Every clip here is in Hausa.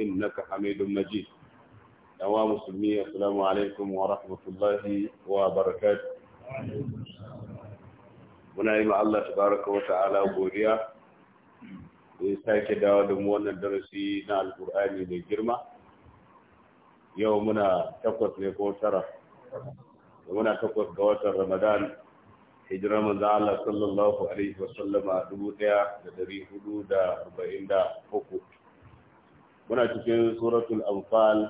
innaka hamidun majid yawa musulmi assalamu alaikum wa rahmatullahi wa barakatuh muna yi ma Allah tabaraka wa ta'ala godiya da ya sake dawo da mu wannan darasi na alkur'ani mai girma yau muna takwas ne ko tara da muna takwas ga watan ramadan hijirar manzo Allah sallallahu alaihi wa sallama dubu ɗaya da dari hudu da arba'in da uku muna cikin suratul anfal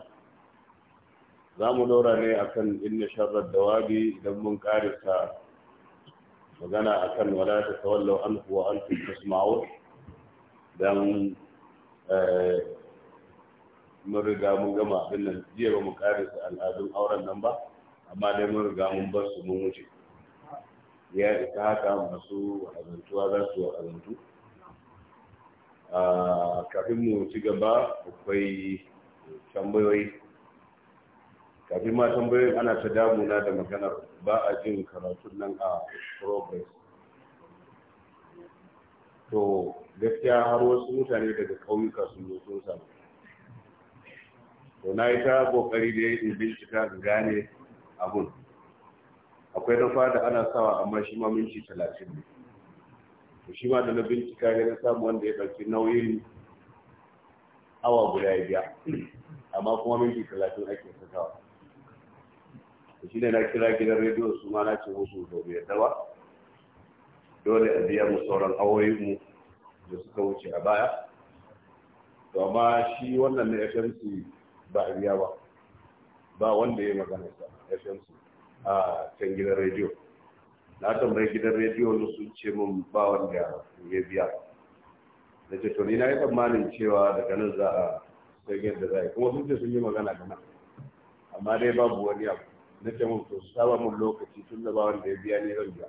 za mu dora ne akan inna sharar dawabi idan mun karisa magana akan wala ta tawallau an kuwa an fi don eh, mun riga mun gama abin nan jiya ba mu karisa al'adun auren nan ba amma dai mun riga mun bar su mun wuce ya isa haka masu azantuwa za su azantu kafin mu ci gaba akwai tambayoyi kafin ma tambayoyin ana ta damuna da maganar ba a jin karatun nan a progress to gaskiya har wasu mutane daga kauyuka sun zo sun samu to na yi ta kokari da in bincika ga gane abun akwai na fada ana sawa amma shi ma minti talatin ne to shi ma da na bincika ne na samu wanda ya ɗauki nauyin awa guda ya biya amma kuma minti talatin ake sakawa to shi ne na kira gidan rediyo su ma na ce musu da biya yadda ba dole a biya mu sauran mu da suka wuce a baya to amma shi wannan na fmc ba a biya ba ba wanda ya magana sa fmc a can gidan rediyo na tambayi gidan rediyo da sun ce mun ba wanda ya biya da ce to ni na yi tsammanin cewa daga nan za a sai da za a yi kuma sun ce sun yi magana da nan amma dai babu wani abu na ce mun to saba mun lokaci tun da ba wanda ya biya ni zan biya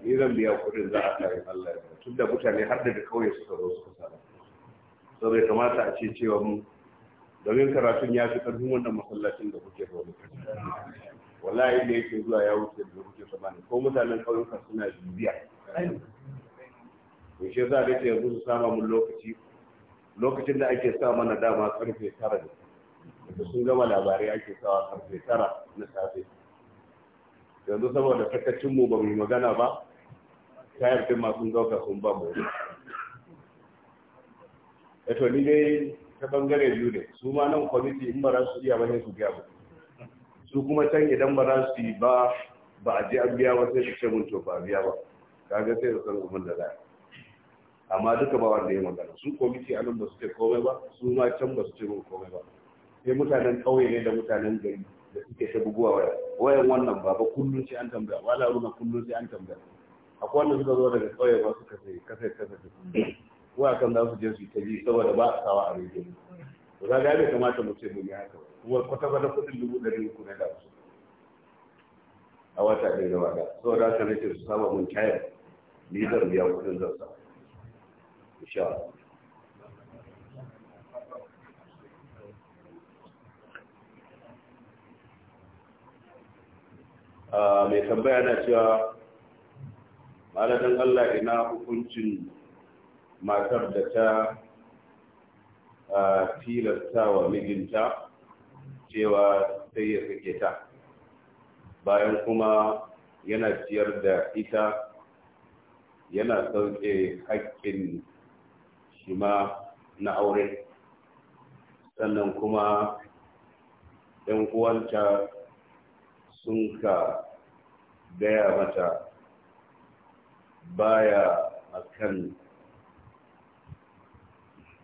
ni zan biya kuɗin za a kare Allah ya tun da mutane har da kauye suka zo suka sa so bai kamata a ce cewa mu domin karatun ya fi ƙarfin wannan masallacin da kuke zo wallahi da yake zuwa ya wuce da wuce tsammani ko mutanen ƙauyuka suna bibiya to shi yasa da ke yanzu su sama mun lokaci lokacin da ake sa mana dama karfe tara ne da sun gama labarai ake sawa karfe tara na safe yanzu saboda sakacin mu ba mu magana ba tayar din masu sun sun ba mu eto ni dai ta bangare biyu ne su ma nan kwamiti in ba za su iya ba ne su biya ba. su kuma can idan ba za su yi ba ba a je an biya ba sai su ce mun to ba biya ba kaga sai da san abin da za amma duka ba wanda ya magana su komiti a nan ba su ce komai ba su ma can ba su ce mun komai ba sai mutanen ƙauye ne da mutanen gari da suke ta buguwa waya wayan wannan ba ba kullun sai an tambaya wala runa kullun sai an tambaya akwai wanda suka zo daga ƙauye ba suka sai kasai kasai waya kan za su je su ta ji saboda ba a sawa a rediyo to za ga bai kamata mu ce mun yi haka kuma kwata kwata kudin dubu ɗari uku na da su a wata ɗaya da wada saboda haka nake su saba mun kayan ni zan biya kudin zan sa insha Allah mai tambaya na cewa malamin Allah ina hukuncin matar da ta A tilasta wa mijinta cewa sai ya sake ta bayan kuma yana ciyar da ita yana sauke haƙƙin ma na aure sannan kuma ɗan uwanta sun ka gaya mata baya akan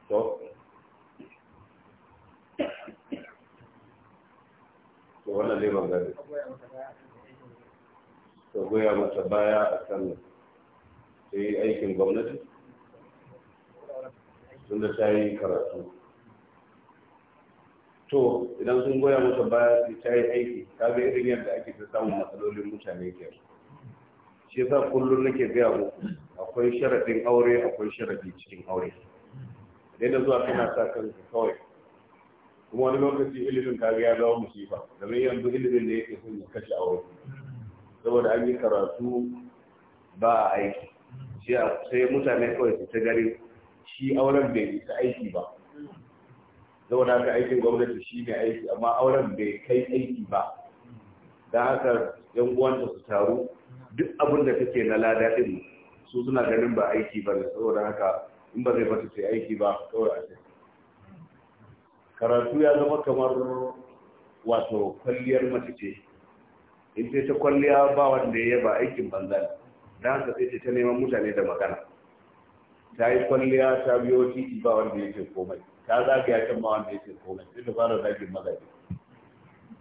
to wannan zai bangare to goya mata baya a kan ta yi aikin gwamnati sun da ta yi karatu to idan sun goya mata baya ta yi aiki ka ga irin yadda ake ta samun matsalolin mutane ke shi yasa kullum nake gaya mu? akwai sharaɗin aure akwai sharaɗi cikin aure da zuwa kana sa kanka kawai kuma wani lokaci ilimin kaga ya zama musifa mai yanzu ilimin da yake sun kashe aure saboda an yi karatu ba a aiki sai mutane kawai su ta gari shi auren bai ta aiki ba saboda haka aikin gwamnati shi ne aiki amma auren bai kai aiki ba don haka yan uwanta su taru duk abin da kake na lada din su suna ganin ba aiki ba ne saboda haka in ba zai bata sai aiki ba kawai a karatu ya zama kamar wato kwalliyar mace ce in sai ta kwalliya ba wanda ya ba aikin banza da haka sai ta neman mutane da magana ta yi kwalliya ta biyo titi ba wanda ya ce komai ta zagaya can ba wanda ya ce komai sai ta fara zagin mazaje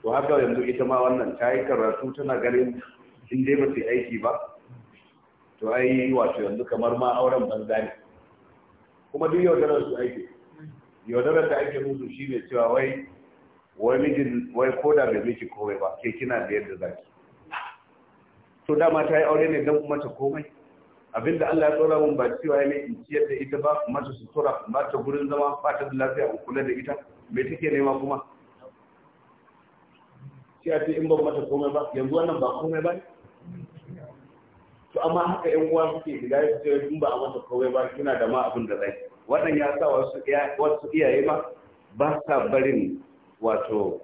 to haka yanzu ita ma wannan ta yi karatu tana ganin in dai ba aiki ba to ai wato yanzu kamar ma auren banza ne kuma duk tana su aiki yaudarar da ake musu shi ne cewa wai wai mijin wai koda bai miki komai ba ke kina da yadda zaki to dama ta yi aure ne don mata komai abinda Allah ya tsora mun ba cewa ne in ciyar da ita ba mata sutura ba ta gurin zama ba ta da lafiya in kula da ita me take nema kuma sai a ce in ban mata komai ba yanzu wannan ba komai ba to amma haka yan uwa suke shiga su ce in ba a mata komai ba kina da ma abin da zai wannan ya sa wasu iyaye ma ba sa barin wato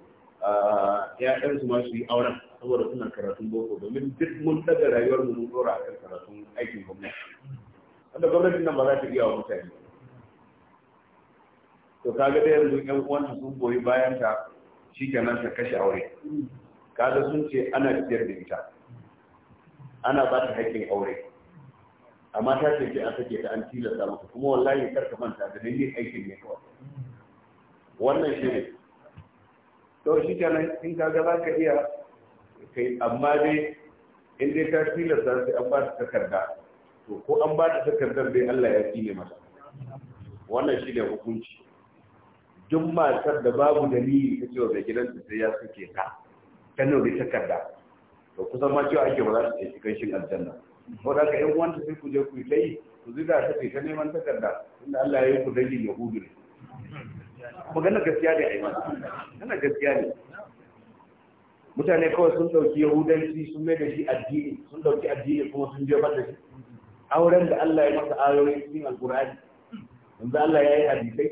‘ya'yansu ma su yi auren saboda suna karatun boko domin duk mun daga rayuwar mu mun dora akan karatun aikin gwamnati wanda gwamnatin nan ba za ta iya wa mutane to kaga da yanzu ‘yan uwanta sun goyi bayan ta shi kenan ta kashe aure kaga sun ce ana ciyar da ita ana ba ta haƙƙin aure amma ta ce an sake ta an tilasta maka kuma wallahi kar ka manta da yi aikin ne kawai wannan shi ne to shi nan in ka ga za ka iya kai amma dai in dai ka tilasta sai an ba ta takarda to ko an ba ta takardar dai Allah ya ne mata wannan shi ne hukunci duk matar da babu dalili ta cewa mai su sai ya suke ka ta nuna takarda to kusan ma cewa ake ba za su ce kan shin aljanna ko da ka yan uwanta sai ku je ku yi ta yi ku ziga ta ta neman takarda inda Allah ya yi ku dangin yahudu ne magana gaskiya ne a yi magana gaskiya ne mutane kawai sun dauki yahudanci sun mai da shi addini sun dauki addini kuma sun je da shi auren da Allah ya masa ayoyi cikin alkur'ani yanzu Allah ya yi hadisai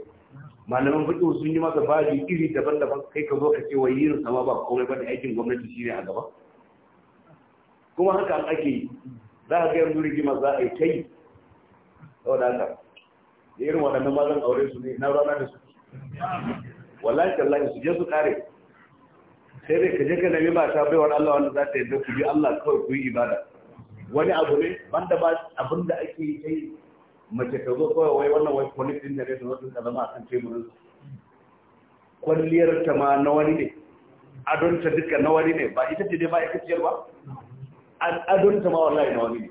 malaman fiƙi sun yi masa babi iri daban-daban kai ka zo ka ce wai yin sama ba komai ba da aikin gwamnati shine a gaba kuma haka ake yi za a gayar duri gima za a yi ta yi da haka da irin waɗannan mazan aure su ne na rana da su wallahi tallahi su je su kare sai dai ka je ka nemi ta baiwar Allah wanda za ta yarda ku bi Allah kawai ku yi ibada wani abu ne banda ba abin da ake yi yi mace ta zo kawai wai wannan wai police din da ne zo din zama akan teburin kwalliyar ta ma na wani ne adon ta duka na wani ne ba ita ce dai ba ita ce ba adon ta ma wallahi na wani ne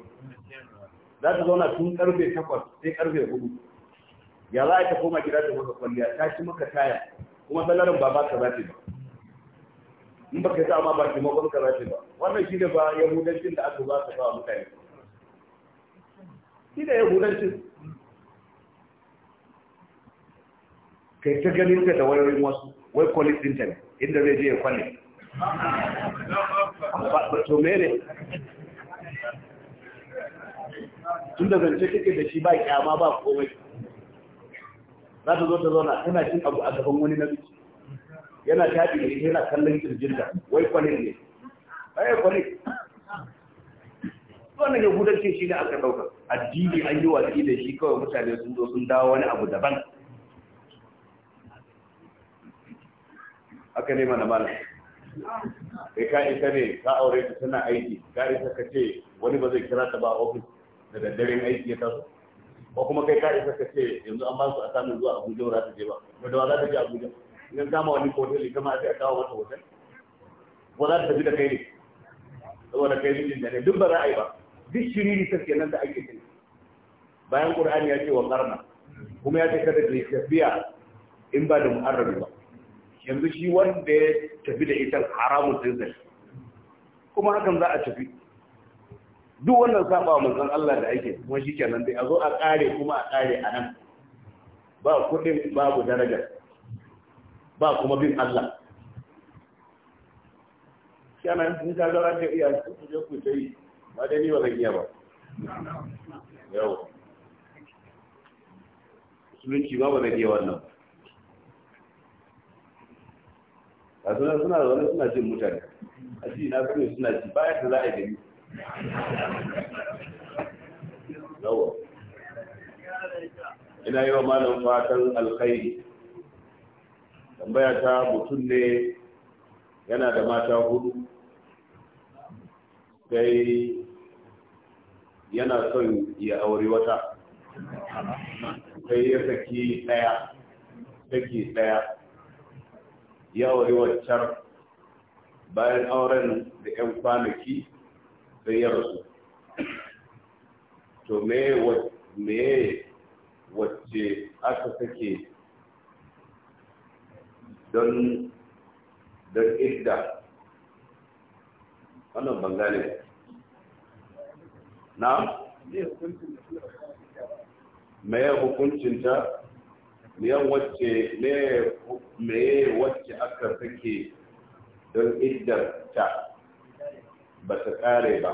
za ta zauna tun karfe takwas sai karfe hudu ya za ta koma gida ta maka kwalliya ta ci maka taya kuma salarin ba ba ka za ta ba in ba ka sa ma ba ki ma ba ka za ta ba wannan shi ne ba yahudancin da aka ba ka ba mutane shi ne yahudancin kai ta ganin ka da wayoyin wasu wai kwalis ɗinta ne inda zai je ya kwalis to mere tun da zance kake da shi ba kyama ba komai za ta zo ta zauna tana cin abu a gaban wani namiji yana tafi da shi yana kallon kirjin da wai kwanin ne ai kwanin wannan yahudanci shi ne aka ɗauka addini an yi watsi da shi kawai mutane sun zo sun dawo wani abu daban aka nema na malam kai ka ita ne ka aure ta tana aiki ka isa ka ce wani ba zai kira ta ba ofis da daddaren aiki ya taso ko kuma kai ka isa ka ce yanzu an ba su asamin zuwa abuja ba za ta je ba wadda ba za ta je abuja idan kama wani hotel ita ma sai a kawo wata hotel ko za ta tafi da kai ne saboda kai mijin da ne duk ba za a yi ba duk shiriri ta nan da ake cin bayan ƙur'ani ya ce wa ƙarna kuma ya ce kada ke tafiya in ba da mu'arrabi ba yanzu shi wanda ya tafi da ita haramun zinzar kuma hakan za a tafi duk wannan saba wa manzon Allah da ake kuma shi kenan dai a zo a kare kuma a kare a nan ba kuɗin babu daraja ba kuma bin Allah kenan in ka zara ta iya su je ku ta yi ba dai ni ba zan iya ba yau musulunci ba ba zan iya wannan ba a suna suna zaune suna jin mutane a ji na kawai suna ji bayan da za a gani yawa ina yi wa malam fatan alkhairi tambaya ta mutum ne yana da mata hudu sai yana son ya aure wata sai ya saki daya saki daya ya wari waccan bayan auren da 'yan kwanaki sai ya rasu to me wacce aka sake don don idda wannan bangare na? mai hukuncinta miyan wacce meye wacce aka take don iddar ta ba ta kare ba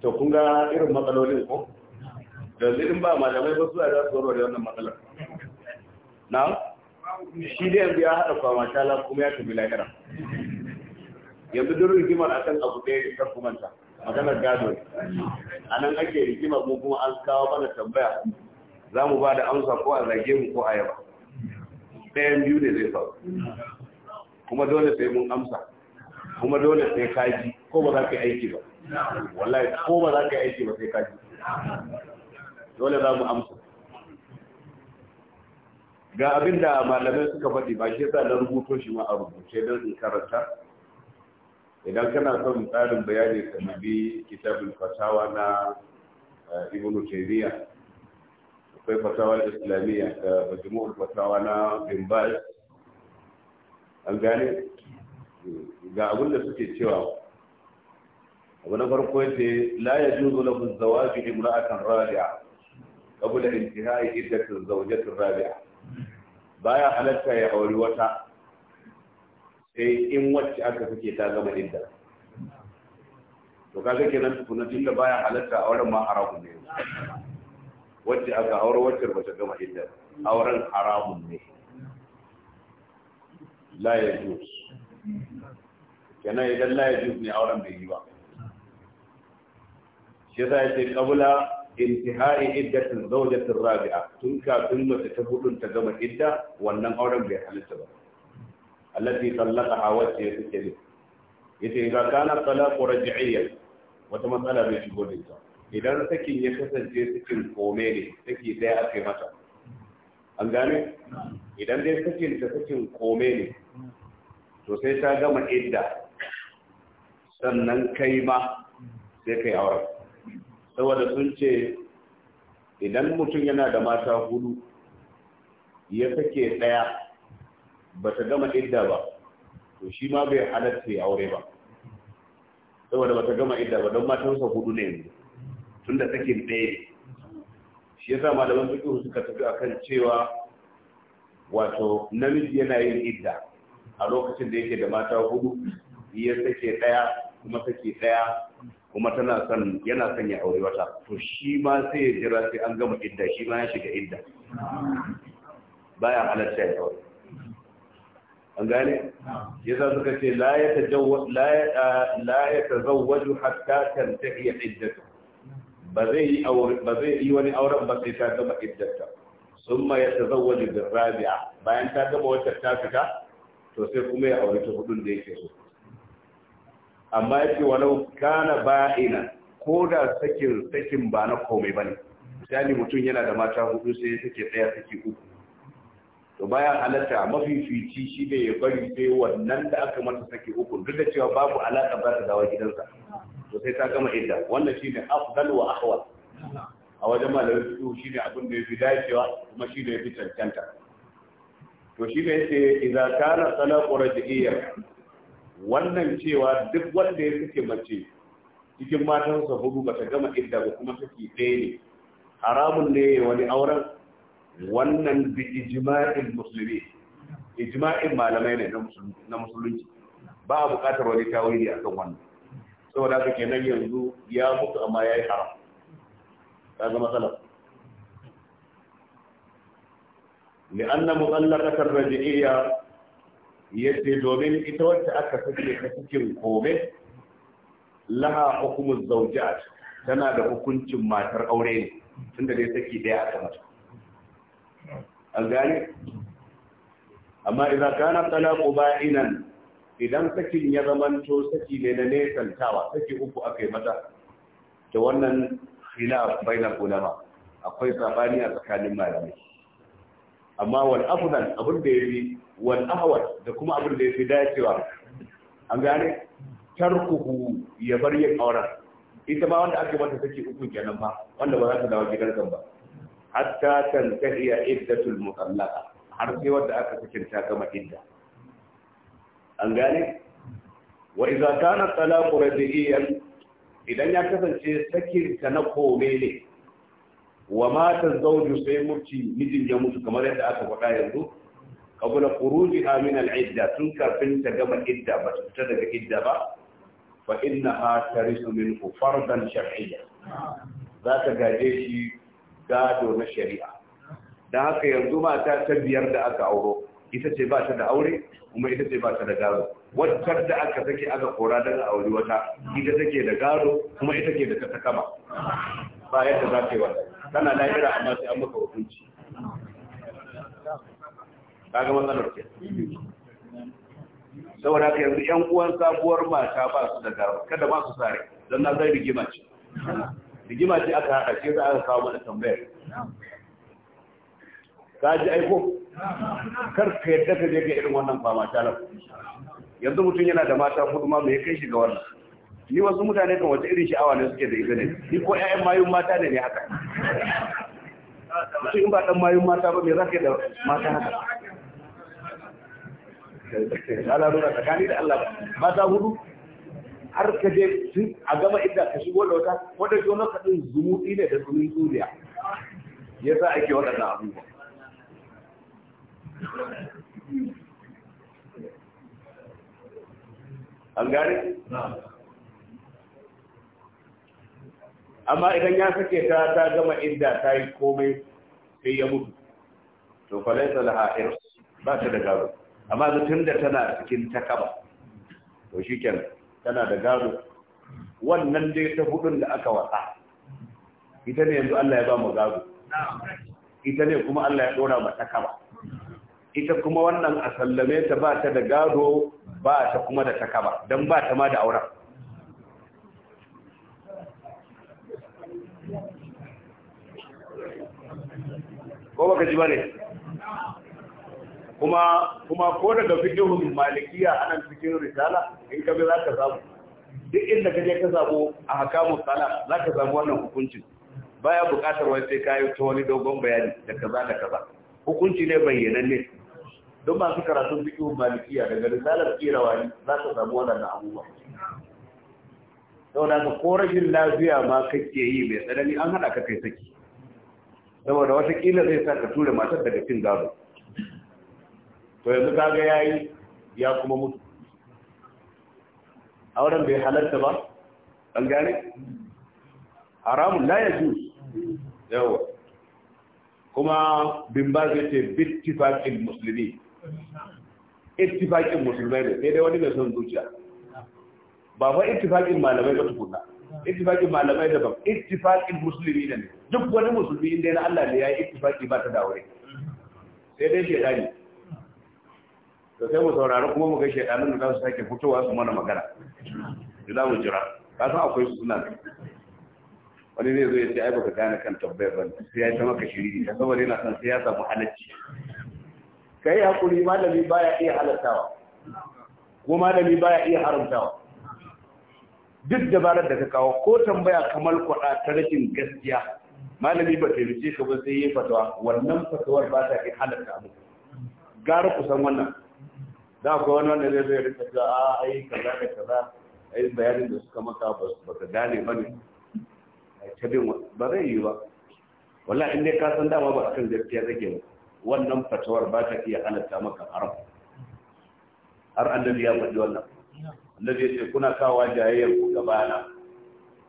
to kun ga irin matsalolin ko yanzu in ba malamai ba su da su warware wannan matsalar na shi da yanzu ya haɗa kwama shala kuma ya tafi lahira yanzu duk rigimar kan abu ɗaya kar kumanta maganar gado a nan ake rigimar mu kuma an kawo mana tambaya za mu ba da amsa ko a zage mu ko a yaba ɗayan biyu ne zai faru kuma dole sai mun amsa kuma dole sai kaji ko ba za ka yi aiki ba wallahi ko ba za ka yi aiki ba sai kaji dole za mu amsa ga abin da malamai suka faɗi ba shi sa na rubuto shi ma a rubuce don in karanta idan kana son tsarin bayani ka nabi kitabin fatawa na eh, ibnu taymiyyah akwai fatawar islamiyya da majmu'ul fatawa na bin baz an gane ga abin da suke cewa abu na farko yace la yajuzu lahu in imra'atan rabi'a qabla intihai iddatu zawjati rabi'a baya halatta ya auri wata sai in wacce aka suke ta gama idda to kaga kenan tukuna tunda baya halatta auren ma haramun ne wacce aka aure wacce ba ta gama idda auren haramun ne la ya juz kenan idan la ya juz ne auren bai yi ba shi za ya ce kabula intihai iddatin zaujatin rabi'a tun kafin mace ta hudun ta gama idda wannan auren bai halitta ba allati tallaqaha wacce ya suke ne yace idza kana talaqu raj'iyyan wata matsala bai shigo da ita idan sakin ya kasance sakin kome ne saki ɗaya ake mata an gane idan dai sakin ta sakin kome ne to sai ta gama idda sannan kai ma sai kai aure, saboda sun ce idan mutum yana da mata hudu ya sake ɗaya ba ta gama idda ba to shi ma bai halatta ya aure ba saboda ba ta gama idda ba don matansa hudu ne yanzu Tunda take sakin ɗaya ne shi yasa malaman fiqh suka tafi akan cewa wato namiji yana yin idda a lokacin da yake da mata hudu ya take ɗaya kuma take ɗaya kuma tana son yana son ya aure wata to shi ma sai ya jira sai an gama idda shi ma ya shiga idda baya halatta ya aure an gane yasa suka ce la ya tazawwaju hatta tantahi iddatu ba zai yi wani auren ba sai ta gama iddata sun ma ya tazawwaji bin rabi'a bayan ta gama wata ta fita to sai kuma ya aure ta hudun da yake so amma ya ce walau kana ba'ina ko da sakin sakin ba na komai ba ne misali mutum yana da mata hudu sai ya sake tsaya sake uku to bayan halatta fici shi ne ya bari sai wannan da aka mata sake uku duk da cewa babu alaka ba ta dawo gidansa to sai ta gama idda wannan shine afdal wa ahwa a wajen malamin su shine abin da yafi dacewa kuma shi ya yafi cancanta to shi ne yace idza kana talaqu raj'iyya wannan cewa duk wanda ya suke mace cikin sa hudu ba ta gama idda ba kuma take ɗaya ne haramun ne wani auren wannan bi ijma'in musulmi ijma'in malamai ne na musulunci ba a bukatar wani tawili a kan wannan saboda haka nan yanzu ya mutu amma ya yi haram ka ga matsala لأن مطلقة الرجعية yace domin ita wacce aka sake ta cikin kome laha hukumul zawjat tana da hukuncin matar aure ne tunda dai saki daya a kamata. an gane amma idan kana talaqu ba'inan idan sakin ya zamanto saki ne na nesantawa saki uku akai mata to wannan khilaf bainal ulama akwai sabani a tsakanin malamai amma wal afdal abun da yafi wal ahwal da kuma abin da yafi dacewa an gane tarkuhu ya bar yin auren ita ma wanda ake mata saki uku kenan ba wanda ba za ta dawo gidan kan ba hatta tantahiya iddatul mutallaqa har sai wanda aka sakinta gama idda an gane wa idza kana talaqu rabiyan idan ya kasance sakin ta na kome ne wa mata zawju sai murci mijin ya mutu kamar yadda aka faɗa yanzu qabla khurujiha min al-idda tun kafin ta gama idda ba ta fita daga idda ba fa innaha tarisu minhu fardan shar'iyya za ta gaje shi gado na shari'a da haka yanzu mata ta biyar da aka auro ita ce ba ta da aure kuma ita ce ba ta da gado wacce da aka take aka kora daga aure wata ita take da gado kuma ita ke da ta kama ba yadda za ta yi wata tana lahira amma sai an maka hukunci kaga matsalar ke saboda haka yanzu yan uwan sabuwar mata ba su da gado kada ba su sare don na zai rigima ce rigima ce aka haɗa ce za a kawo mana tambayar ka ji aiko kar ka yadda ka je ga irin wannan fama talar yanzu mutum yana da mata hudu ma mai kai shi ga wannan ni wasu mutane kan wata irin sha'awa ne suke da ita ne ni ko 'ya'yan mayun mata ne ne haka mutum in ba ɗan mayun mata ba me za ka yi da mata haka ala nuna tsakani da Allah mata hudu har ka je a gama inda ka shigo da wata wadda ke wani kaɗin zumuɗi ne da zumin zuriya ya sa ake waɗannan abubuwa an gane? amma idan ya sake ta ta gama inda ta yi komai sai ya mutu to falaisa laha irs ba ta da gaba amma zutun da tana cikin takaba to shi kenan. tana da gado wannan dai ta hudun da aka wasa ita ne yanzu Allah ya ba mu gado ita ne kuma Allah ya dora mata kaba ita kuma wannan a sallame ta ba ta da gado ba ta kuma da takaba don ba ta ma da auren ko baka ji ba ne kuma kuma ko daga fikihun malikiya anan cikin risala in ka bi za ka samu duk inda ka je ka samu a hakamu sala za ka samu wannan hukuncin baya bukatar wai sai ka yi ta wani dogon bayani da kaza da kaza hukunci ne bayyananne don masu karatun fikihun malikiya daga risalar kirawani za ka samu wannan abubuwa saboda ka ko rashin lafiya ma kake yi mai tsanani an hada ka kai saki saboda wata kila zai sa ka tura matar daga cin gado to yanzu kaga yayi ya kuma mutu auren bai halarta ba an gane haramun la yajuz yawa kuma bin ba zai ce bittifakin musulmi ittifakin musulmai ne sai dai wani mai son zuciya ba fa ittifakin malamai ba tukunna ittifakin malamai da ba ittifaqin musulmi ne duk wani musulmi inda na Allah ne ya yi ittifaqi ba ta daure sai dai shedani to sai mu saurari kuma mu ga shedanun da za su sake fitowa su mana magana da za mu jira ka san akwai su suna wani ne zai ce ai baka gane kan tabbayar ban sai ya ta maka shiri ta saboda yana son sai ya samu halacci kai hakuri malami baya iya halattawa ko malami baya iya haramtawa duk dabarar da ka kawo ko tambaya kamar kwada ta rashin gaskiya malami ba taimake ka ba sai yi fatawa wannan fatawar ba ta iya halatta abu gara kusan wannan da ko wani wanda zai zai rika ga a ah, ai kaza da kaza ai bayanin da suka maka ba ka gane ba ne ta bin ba zai yi ba wallahi in dai ka san dama ba kan zai zake ba wannan fatawar ba ta iya halatta maka haram har annabi ya faɗi wannan annabi ya ce kuna kawa jayayyar ku na.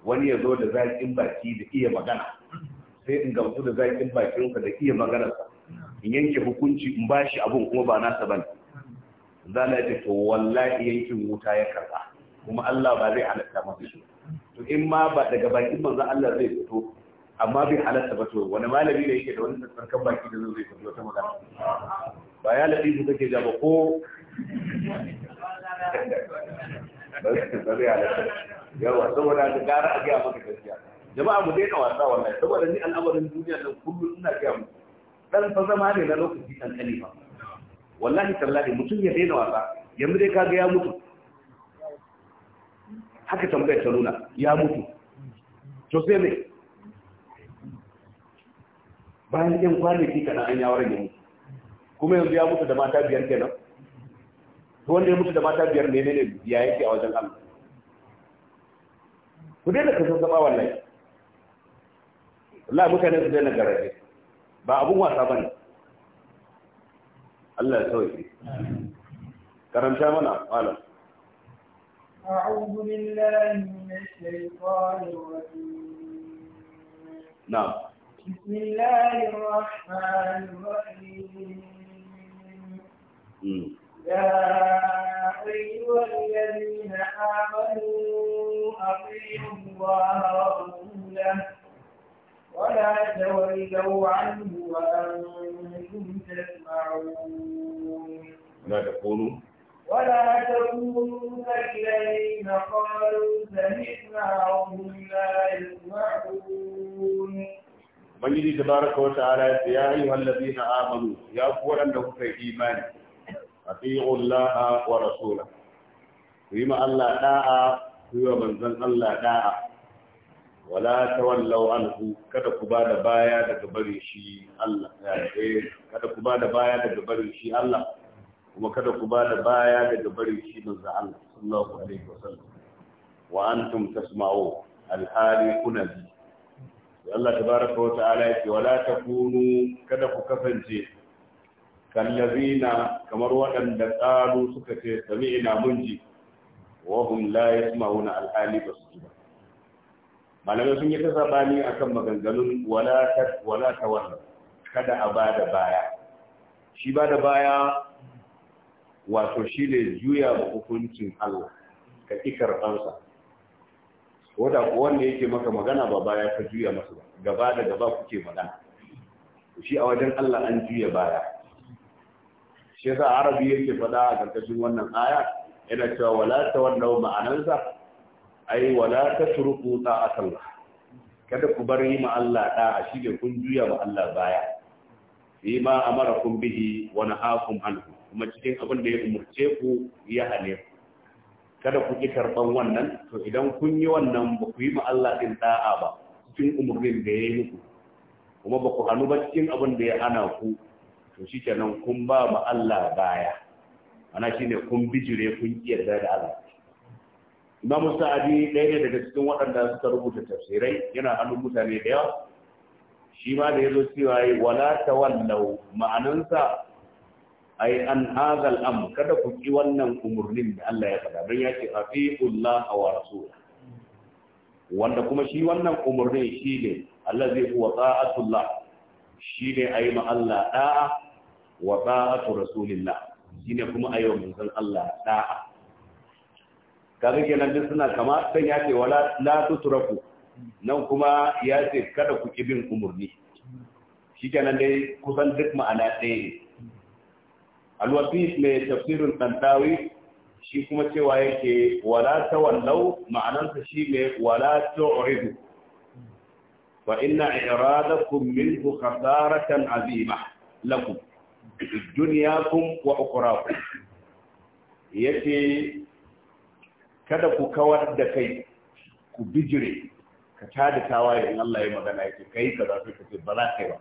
wani ya zo da zaƙin baki da iya magana sai in gamsu da zaƙin bakinka da iya magana in yanke hukunci in bashi abun kuma ba nasa bane zana ya to wallahi yankin wuta ya karba kuma Allah ba zai halatta masa shi to in ma ba daga bakin manzo Allah zai fito amma bai halatta ba to wani malami da yake da wani tsarkan baki da zai fito ta magana ba ya latifu su ja ba ko ba zai halatta yawa saboda da gara a gaya maka gaskiya jama'a mu daina wasa wallahi saboda ni al'amarin duniya nan kullum ina gaya muku dan fa zama ne na lokaci dan kalifa wallahi tallahi mutum ya daina wasa yanzu dai kaga ya mutu haka tambayar ta nuna ya mutu to sai ne bayan yan kwanaki kana an yawar ne kuma yanzu ya mutu da mata biyar kenan to wanda ya mutu da mata biyar ne ne ya yake a wajen Allah ku daina ka san zama wallahi wallahi mutane su daina garaje ba abun wasa bane Allah ya sauke karanta mana malam أعوذ بالله من الشيطان الرجيم نعم بسم الله الرحمن الرحيم يا أيها الذين آمنوا أطيعوا الله ورسوله ولا تولوا عنه وأنتم تسمعون ولا تقولوا ولا تكونوا كالذين قالوا سمعنا وهم لا يسمعون Ubangiji tabaraka wa ta'ala ya ce ya yi wallazi na amanu ya ku waɗanda kuka yi imani a fi'ullaha wa rasula ku yi ma Allah da'a ku yi wa Allah wala tawallaw anhu kada ku ba da baya daga barin shi Allah eh, kada ku ba da baya daga barin shi Allah kuma kada ku ba da baya daga barin shi manzo Allah sallallahu alaihi wasallam wa antum tasma'u alhali kuna ji Allah tabaraka wa ta'ala yake wala takunu kada ku kasance kallazina kamar waɗanda qalu suka ce sami'na munji wa hum la yasma'una alhali basu ji ba malamai sun yi ta sabani akan maganganun wala ta wala ta wannan kada a ba da baya shi ba da baya wato shi ne juya ma hukuncin Allah ka ƙi karɓansa wanda wanda yake maka magana ba baya ka juya masa ba gaba da gaba kuke magana shi a wajen Allah an juya baya shi yasa arabi yake faɗa a ƙarƙashin wannan aya yana cewa wala ta wannan ma'anarsa ai wala tatruku ta'atallah kada ku bar yi ma Allah shi shige kun juya ma Allah baya fi ma kun bihi wa nahakum anhu kuma cikin abin da ya umurce ku ya hane ku kada ku ki karban wannan to idan kun yi wannan ba ku yi ma Allah din da'a ba cikin umurnin da ya yi muku kuma ba ku hannu ba cikin abin da ya hana ku to shikenan kun ba ma Allah baya ana shine kun bijire kun yarda da Allah imamu sa'adi ɗaya ne daga cikin waɗanda suka rubuta tafsirai yana hannun mutane da yawa shi ma da yazo cewa yi wala wallau!" ma'anansa ai an hazal am kada ku ki wannan umarnin da Allah ya faɗa don ya ce afiqullah wa rasul wanda kuma shi wannan umurnin shine allazi huwa ta'atullah a yi ma Allah da'a wa ta'atu rasulillah ne kuma ayi wa manzon Allah da'a kaga kenan duk suna kama san ya ce wala la tutraku nan kuma ya ce kada ku kibin umurni shikenan dai kusan duk ma'ana ɗaya ne mai tafsirin tantawi shi kuma cewa yake wala ta wallau ma'anarsa shi ne wala uridu wa inna iradakum minhu khasaratan azima lakum dunyakum wa ukhrakum yace kada ku kawar da kai ku bijire ka da tawaye in Allah ya magana yake kai ka za ka ce ba za ka yi ba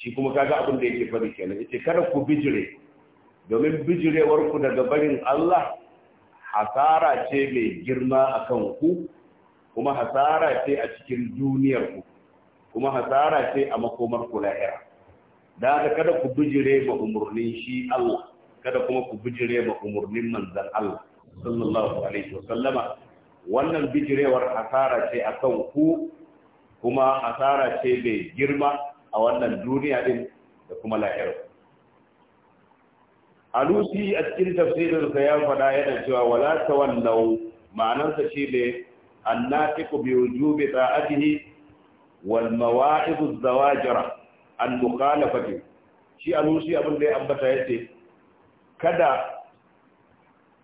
shi kuma kaga abin da yake faɗi kenan yace kada ku bijire domin bijirewar ku daga barin Allah hasara ce mai girma akan ku kuma hasara ce a cikin duniyar ku kuma hasara ce a makomar ku lahira da haka kada ku bijire ma umurnin shi Allah kada kuma ku bijire ma umurnin manzon Allah sallallahu alaihi wasallama wannan bijirewar asara ce a kan ku kuma asara ce mai girma a wannan duniya din da kuma lahirar alusi a cikin tafsirinsa ya faɗa yana cewa wala wallau ma'anarsa shi ne annafiqu bi wujubi ta'atihi wal mawa'idu zawajira an mukhalafati shi alusi abin da ya ambata yace kada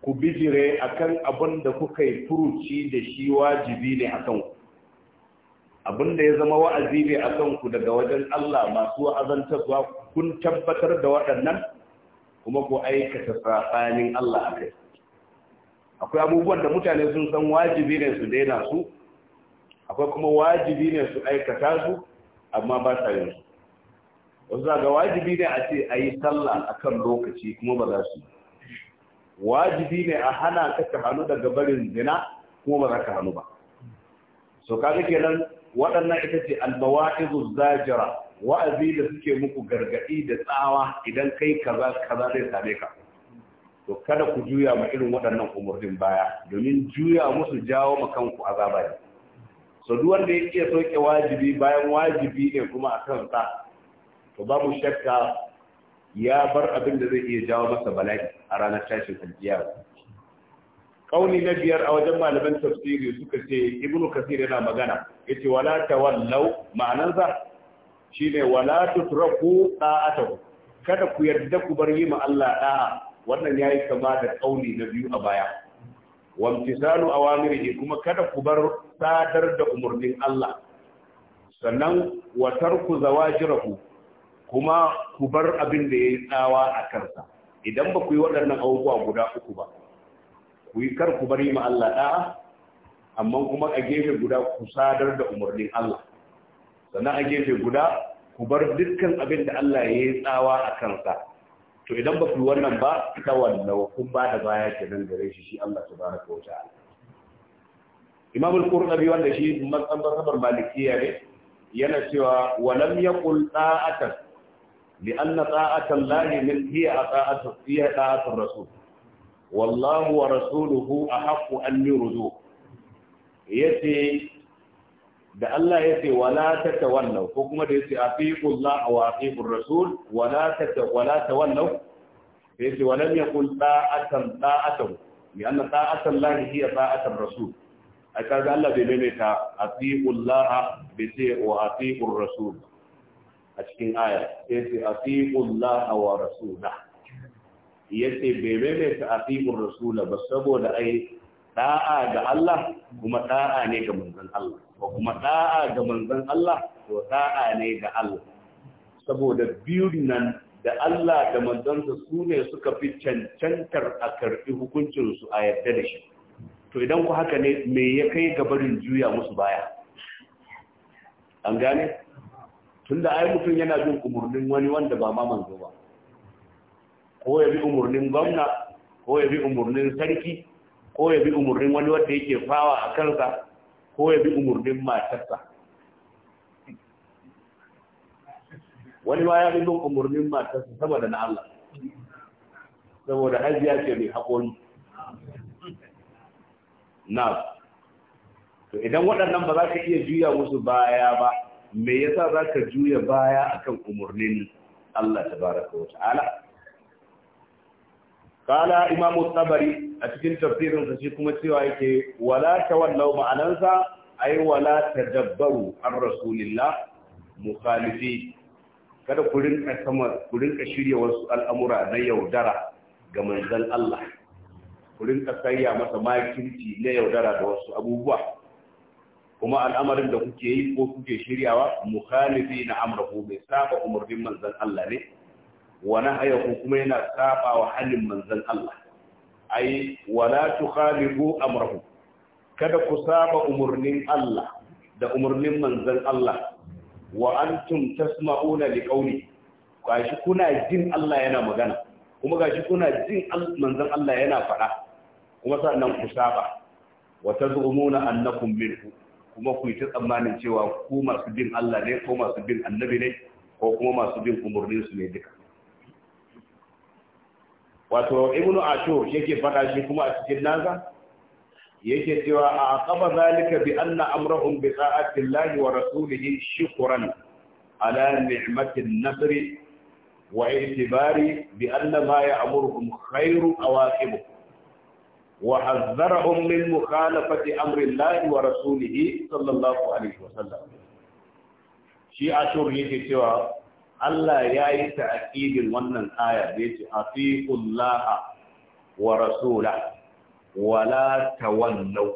ku bijire akan abin da kuka yi furuci da shi wajibi ne a kanku. abin da ya zama wa'azi ne a kanku daga wajen Allah masu wa'azantarwa kun tabbatar da waɗannan kuma ku aikata tsakanin Allah a kai. akwai abubuwan da mutane sun san wajibi ne su daina su akwai kuma wajibi ne su aikata su amma ba sa yin su wasu ga wajibi ne a ce a yi sallah akan lokaci kuma ba za su yi wajibi ne a hana kaka ka hannu daga barin zina kuma ba za ka hannu ba so kaga kenan waɗannan ita ce albawa'izu zajira wa'azi da suke muku gargaɗi da tsawa idan kai kaza kaza zai same ka to kada ku juya ma irin waɗannan umurnin baya domin juya musu jawo ma kanku azaba ne so duk wanda ya iya soke wajibi bayan wajibi ne kuma a kansa to babu shakka ya bar abin da zai iya jawo masa bala'i a ranar tashin aljiyawa kauni na biyar a wajen malaman tafsiri suka ce ibnu kasir yana magana yace wala tawallau ma'anansa shine wala tutraku da'atahu kada ku yarda ku bar yi ma Allah da'a wannan yayi kama da ƙauni na biyu a baya wamtisalu awamirihi kuma kada ku bar sadar da umurnin Allah sannan wa tarku zawajirahu kuma ku bar abin da yayi tsawa a kansa idan ba ku yi waɗannan abubuwa guda uku ba ku yi kar ku bari ma Allah da'a amma kuma a gefe guda ku sadar da umarnin Allah sannan a gefe guda ku bar dukkan abin da Allah ya yi tsawa a kansa to idan ba ku yi wannan ba ta wallawa kun ba da baya kenan gare shi shi Allah subhanahu wa ta'ala Imam al-Qurtubi wanda shi matsan basabar malikiya ne yana cewa walam yaqul ta'atan لأن طاعة الله هي طاعة هي طاعة الرسول والله ورسوله أحق أن يردوه يتي da Allah ya ce wala ta wannan, ko kuma da ya ce afiqullah wa afiqur rasul wala ta wala ya ce walam yakul ta'atan ta'atan li anna ta'atan la hiya ta'atan rasul a kaga Allah bai maimaita afiqullah bi ce wa afiqur rasul a cikin aya sai ce atiqullah wa rasulah yace bai bai ta atiqur rasula ba saboda ai da'a ga Allah kuma da'a ne ga manzon Allah ko kuma da'a ga manzon Allah to da'a ne ga Allah saboda biyun nan da Allah da sa su ne suka fi cancantar a karɓi hukuncinsu a yadda da shi to idan ku haka ne me ya kai barin juya musu baya an gane tunda ai mutum yana bin umarnin wani wanda ba ma manzo ba ko ya bi umarnin gwamna ko ya bi umarnin sarki ko ya bi umarnin wani wanda yake fawa a kansa ko ya bi umarnin matarsa wani ma ya bi bin umarnin matarsa saboda na Allah saboda hajiya ce mai haƙori na to idan waɗannan ba za ka iya juya musu baya ba me yasa za ka juya baya akan umarnin Allah tabaraka wa ta'ala kala imamu tabari a cikin tafsirin sa shi kuma cewa yake wala ta tawallau ma'anansa yi wala ta dabbaru an rasulillah mukhalifi kada ku rinka sama ku rinka shirye wasu al'amura na yaudara ga manzon Allah ku rinka sayya masa makirci na yaudara da wasu abubuwa kuma al'amarin da kuke yi ko kuke shiryawa mukhalifi na amrahu bai saba umarnin manzon Allah ne wa nahayahu kuma yana saba wa halin manzon Allah ai wala tukhalifu amrahu kada ku saba umarnin Allah da umarnin manzon Allah wa antum tasma'una liqawli gashi kuna jin Allah yana magana kuma gashi kuna jin manzon Allah yana faɗa kuma sannan ku saba wa tazumuna annakum minhu kuma ku yi ta tsammanin cewa ku masu bin Allah ne ko masu bin annabi ne ko kuma masu bin umarninsu ne duka wato ibnu ashur yake faɗa shi kuma a cikin naza yake cewa a aqaba zalika bi anna amrahum bi ta'ati llahi wa rasulihi shukran ala ni'mati an-nasr wa i'tibari bi anna ma ya'muruhum khairu awaqibuhum وحذرهم من مخالفة أمر الله ورسوله صلى الله عليه وسلم شيء عشر يجي سوى الله يأي تأكيد ونن آية يجي أطيعوا الله ورسوله ولا تولوا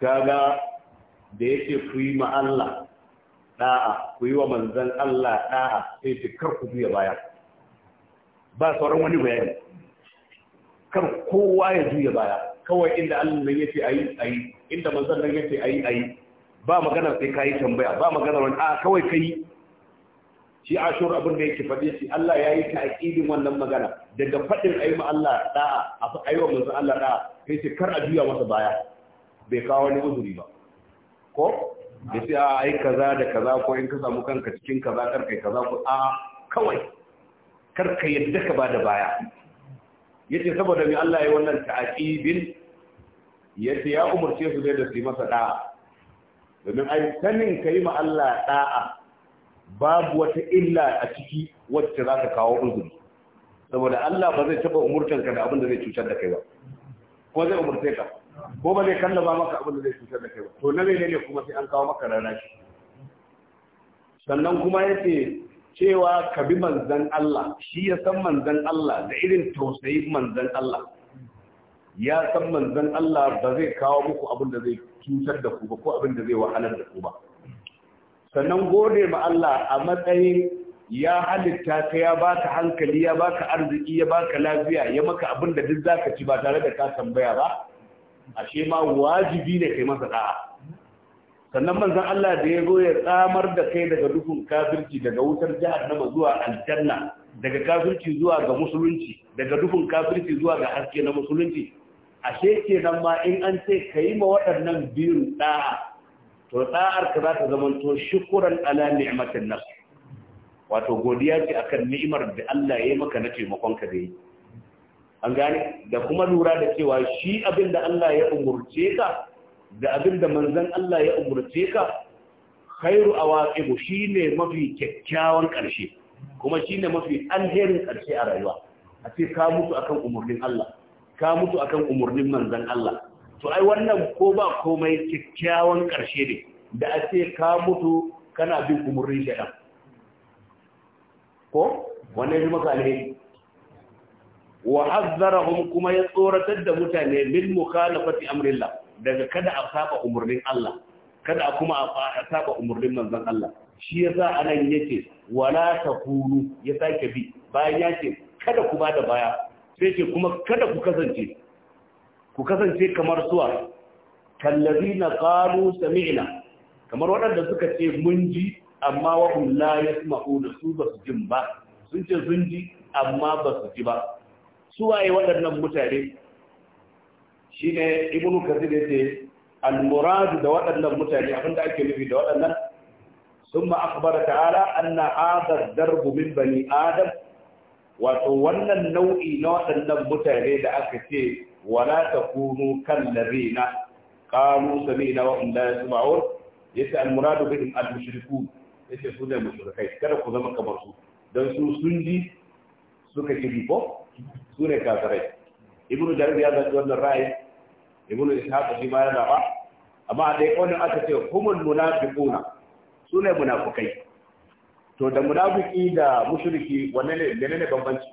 كذا da yake ku yi ma Allah da'a ku yi wa manzan Allah da'a sai ce kar ku biya baya ba sauran wani bayani kar kowa ya juya baya kawai inda Allah nan yace ayi ayi inda manzon nan yace ayi ayi ba magana sai kai tambaya ba magana wani a kawai kai shi ashur abin da yake fadi shi Allah ya yi ta'aqidin wannan magana daga faɗin ayi ma Allah da'a a fa ayi wa manzon Allah da'a sai ce kar a juya masa baya bai kawo wani uzuri ba ko da sai a ai kaza da kaza ko in ka samu kanka cikin kaza kar kaza ko a kawai kar ka yadda ka bada baya yace saboda mai Allah ya wannan ta'aqibin yace ya umurce su dai da su masa da'a domin ai sanin kai ma Allah da'a babu wata illa a ciki wacce za ka kawo uzuri saboda Allah ba zai taba ka da abin da zai cutar da kai ba ko zai umurce ka ko ba zai kallaba maka abin da zai cutar da kai ba to na ne ne kuma sai an kawo maka rana shi sannan kuma yace cewa ka bi manzan Allah shi ya san manzan Allah da irin tausayi manzan Allah ya san manzan Allah ba zai kawo muku abin da zai cutar da ku ba ko abin da zai wahalar da ku ba sannan gode ma Allah a matsayin ya halitta ka ya baka hankali ya baka arziki ya baka lafiya ya maka abin da duk zaka ci ba tare da ka tambaya ba ashe ma wajibi ne kai masa da'a sannan manzan Allah da ya zo ya tsamar da kai daga duhun kafirci daga wutar jihar jahannama zuwa aljanna daga kafirci zuwa ga musulunci daga duhun kafirci zuwa ga haske na musulunci ashe kenan ma in an ce yi ma waɗannan biyun ɗa'a, to da'ar ka za ta zama to shukuran ala ni'matin nafs wato godiya ce akan ni'imar da Allah ya yi maka na taimakon ka da yi an gane da kuma lura da cewa shi abin da Allah ya umurce ka da abinda manzon Allah ya umurce ka khairu awaqibu shine mafi kyakkyawan ƙarshe, kuma shine mafi alherin karshe a rayuwa a ce ka mutu akan umurnin Allah ka mutu akan umurnin manzon Allah to ai wannan ko ba komai kyakkyawan karshe ne da a ce ka mutu kana bin umurnin shaidan ko wannan shi maka alheri wa hazzarahum kuma ya tsoratar da mutane min mukhalafati amrillah daga kada a saba umarnin Allah kada kuma a saba umarnin manzon Allah shi yasa anan yake wala takunu ya sake bi bayan ya kada ku bada baya sai ce kuma kada ku kasance ku kasance kamar suwa kallazina qalu sami'na kamar waɗanda suka ce mun ji amma wa hum la yasma'una su ba su jin ba sun ce sun ji amma ba su ji ba suwaye waɗannan mutane shine ibnu kathir yace al murad da waɗannan mutane abinda ake nufi da waɗannan ثم أخبر تعالى أن min bani من wato wannan nau'i na wadannan mutane da aka ce wala takunu ladina qalu sami'na wa hum la yasma'un yace al murad bihim al mushrikun yace su ne mushrikai kada ku zama kamar su dan su sun ji suka ji ko su ne kafirai ibnu jarir ya zaci wannan ra'ayi ibnu ishaq bi ma da ba amma dai wannan aka ce humul munafiquna sune munafikai to da munafiki da mushriki wannan ne da ne bambanci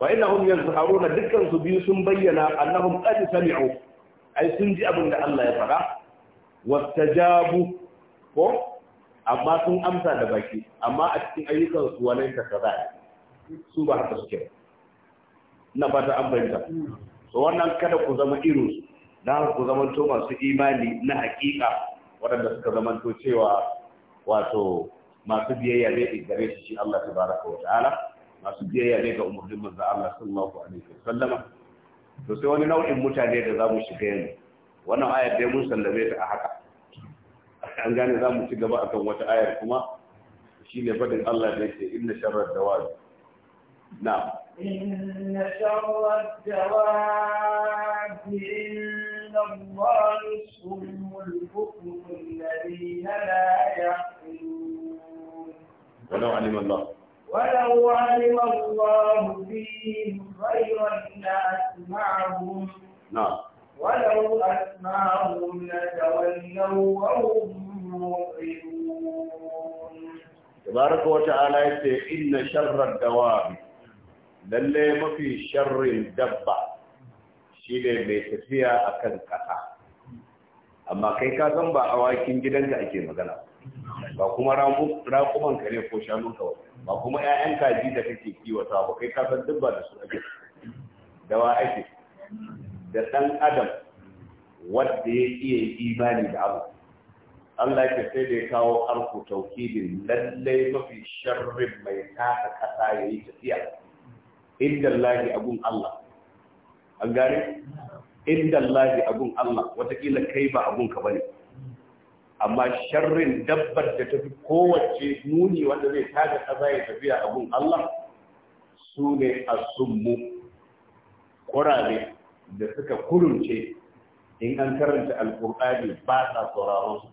wa innahum yazharuna dukkan su biyu sun bayyana annahum qad sami'u ai sun ji abin da Allah ya fara wastajabu ko amma sun amsa da baki amma a cikin ayyukan su wannan ta kaza su ba haka suke na ba ta an so wannan kada ku zama irin su ku zamanto masu imani na hakika waɗanda suka zamanto cewa wato masu biyayya ne gare shi shi Allah tabaraka wa ta'ala masu biyayya ne ga umarnin manzo Allah sallallahu alaihi wasallama to sai wani nau'in mutane da zamu shiga yanzu wannan ayar dai mun sallame ta a haka an gane za ci gaba akan wata ayar kuma shine fadin Allah da yake inna sharra dawab na'am إن شر الدواب عند الله الصم البكم الذين لا يعقلون ولو علم الله ولو علم الله فيهم خيرا لأسمعهم نعم ولو أسمعهم لتولوا وهم مؤمنون تبارك وتعالى يقول إن شر الدواب lalle mafi sharrin dabba shi ne mai tafiya a kan ƙasa amma kai ka san ba awakin gidanka ake magana ba kuma raƙuman kare ne ko shanunka ba kuma 'ya'yan kaji da kake kiwata ba kai ka san dabba da su ake wa ake da ɗan adam wadda ya iya imani da abu Allah ke sai da ya kawo harku taukidin lallai mafi sharrin mai kasa kasa ya yi tafiya indallahi abun Allah an gane indallahi abun Allah watakila kai ba abun ka bane amma sharrin dabbar da ta fi kowace muni wanda zai taka kaza ya tafiya abun Allah su ne asummu kurare da suka kurunce in an karanta alkur'ani ba sa sauraron su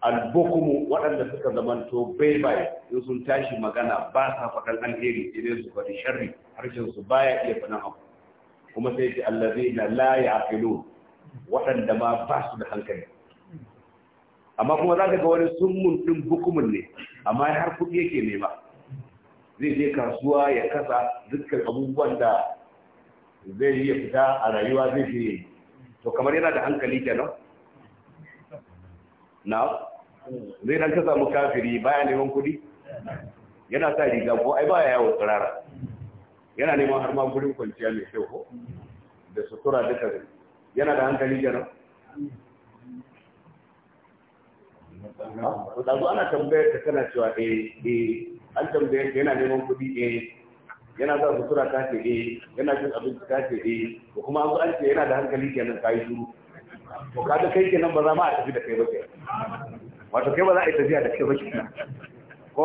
albukumu waɗanda suka zamanto bai bai in sun tashi magana ba sa faɗan alheri idan su faɗi sharri harshen su baya iya faɗan abu kuma sai ce allazi na la ya aqilu waɗanda ma ba su da hankali amma kuma zaka ga wani summun din bukumun ne amma har kuɗi yake nema zai je kasuwa ya kasa dukkan abubuwan da zai iya fita a rayuwa zai je to kamar yana da hankali kenan na zai nan ta samu kafiri baya neman kuɗi yana sa riga ko ai baya yawo tsirara yana neman har ma gurin kwanciya mai kyau ko da sutura duka zai yana da hankali kenan ɗazu ana tambayar ta kana cewa a eh, eh an tambayar ta yana neman kuɗi a eh. yana za sutura ta ce a eh. yana cin abinci ta ce eh kuma an an ce yana da hankali kenan ka yi shuru to kaga kai kenan ba za ma a tafi da kai ba kenan wato kai ba za a yi tafiya da kai ba kenan ko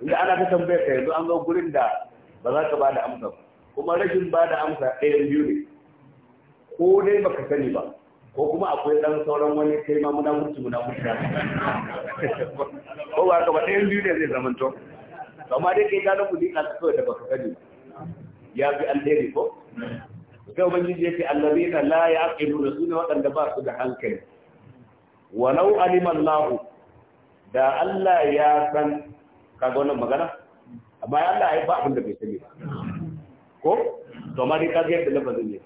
inda ana ta tambaya ka yanzu an zo gurin da ba za ka ba da amsa kuma rashin ba da amsa ɗayan biyu ne ko dai ba ka sani ba ko kuma akwai ɗan sauran wani kai ma muna mutu muna mutu ya ko ba ka ba ɗayan biyu ne zai zamanto amma dai kai gano ku ne ka kawai da baka sani ba ya fi alheri ko sai ubangiji yake na la ya yaqiluna sune waɗanda ba su da hankali walau alima Allah da Allah ya san ka ga wannan magana amma ya Allah ai ba abin da bai sani ba ko to mari ka ga yadda bazin ne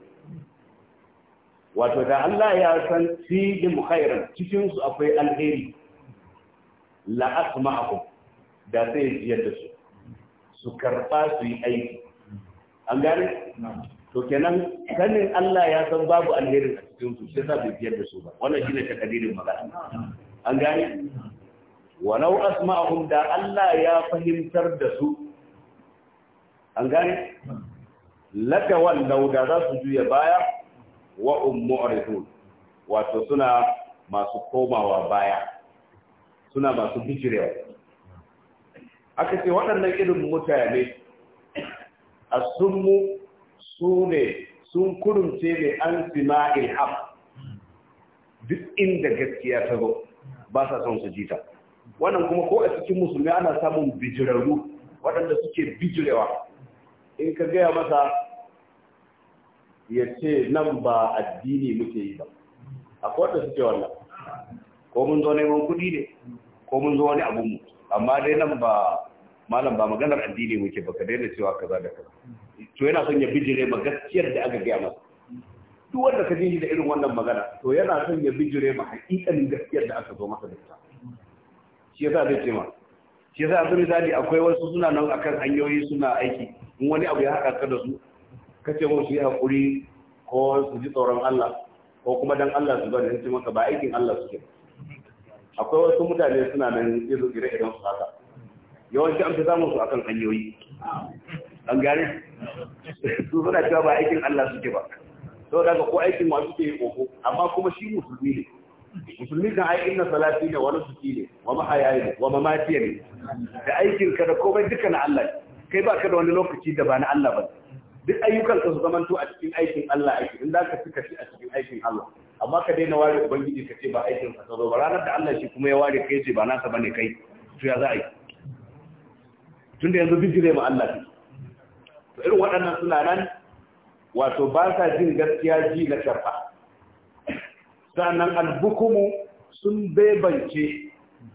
wato da Allah ya san fi bi khairan cikin su akwai alheri la asma'akum da sai jiyar da su su karba su yi aiki an gane to kenan sanin Allah ya san babu alherin a cikin su sai sa bai biyar da su ba wannan shine kadirin magana an gane walau asma'ahum da Allah ya fahimtar da su an gane laka wallau da za su juya baya wa ummu'ridun wato suna masu komawa baya suna masu bijirewa aka ce waɗannan irin mutane asummu su ne sun kurumce ne an sima ilham duk inda gaskiya ta zo ba sa son su jita wannan kuma ko a cikin musulmi ana samun bijirarru waɗanda suke bijirewa in ka gaya masa ya ce nan ba addini muke yi ba a kowace suke wannan ko mun zo neman kuɗi ne ko mun zo wani abun mu amma dai nan ba malam ba maganar addini muke ba ka daina cewa kaza da kaza to yana son ya bijire ma gaskiyar da aka gaya masa duk wanda ka ji da irin wannan magana to yana son ya bijire ma haƙiƙanin gaskiyar da aka zo masa da ita shi yasa zai ce ma shi yasa azumi zali akwai wasu suna nan akan hanyoyi suna aiki in wani abu ya haƙa ka da su ka ce su yi haƙuri ko su ji tsoron Allah ko kuma dan Allah su bane ce maka ba aikin Allah suke akwai wasu mutane suna nan irin ire-iren su haka yawanci an fi samun su akan hanyoyi an gane su suna cewa ba aikin Allah suke ba sau daga ko aikin masu ke koko amma kuma shi musulmi ne musulmi kan ai inna salati ne wani suki ne wa mahaya ne wa mamatiya ne da aikin ka da komai duka na Allah kai ba ka da wani lokaci da ba na Allah ba duk ayyukan ka su to a cikin aikin Allah aiki in ka fika shi a cikin aikin Allah amma ka daina ware ubangiji ka ce ba aikin ka tsaro ba ranar da Allah shi kuma ya ware kai ce ba nasa bane kai to ya za a yi tunda yanzu bijire ma Allah ne to irin waɗannan suna nan wato ba sa jin gaskiya ji na sharfa sannan albukumu sun bebance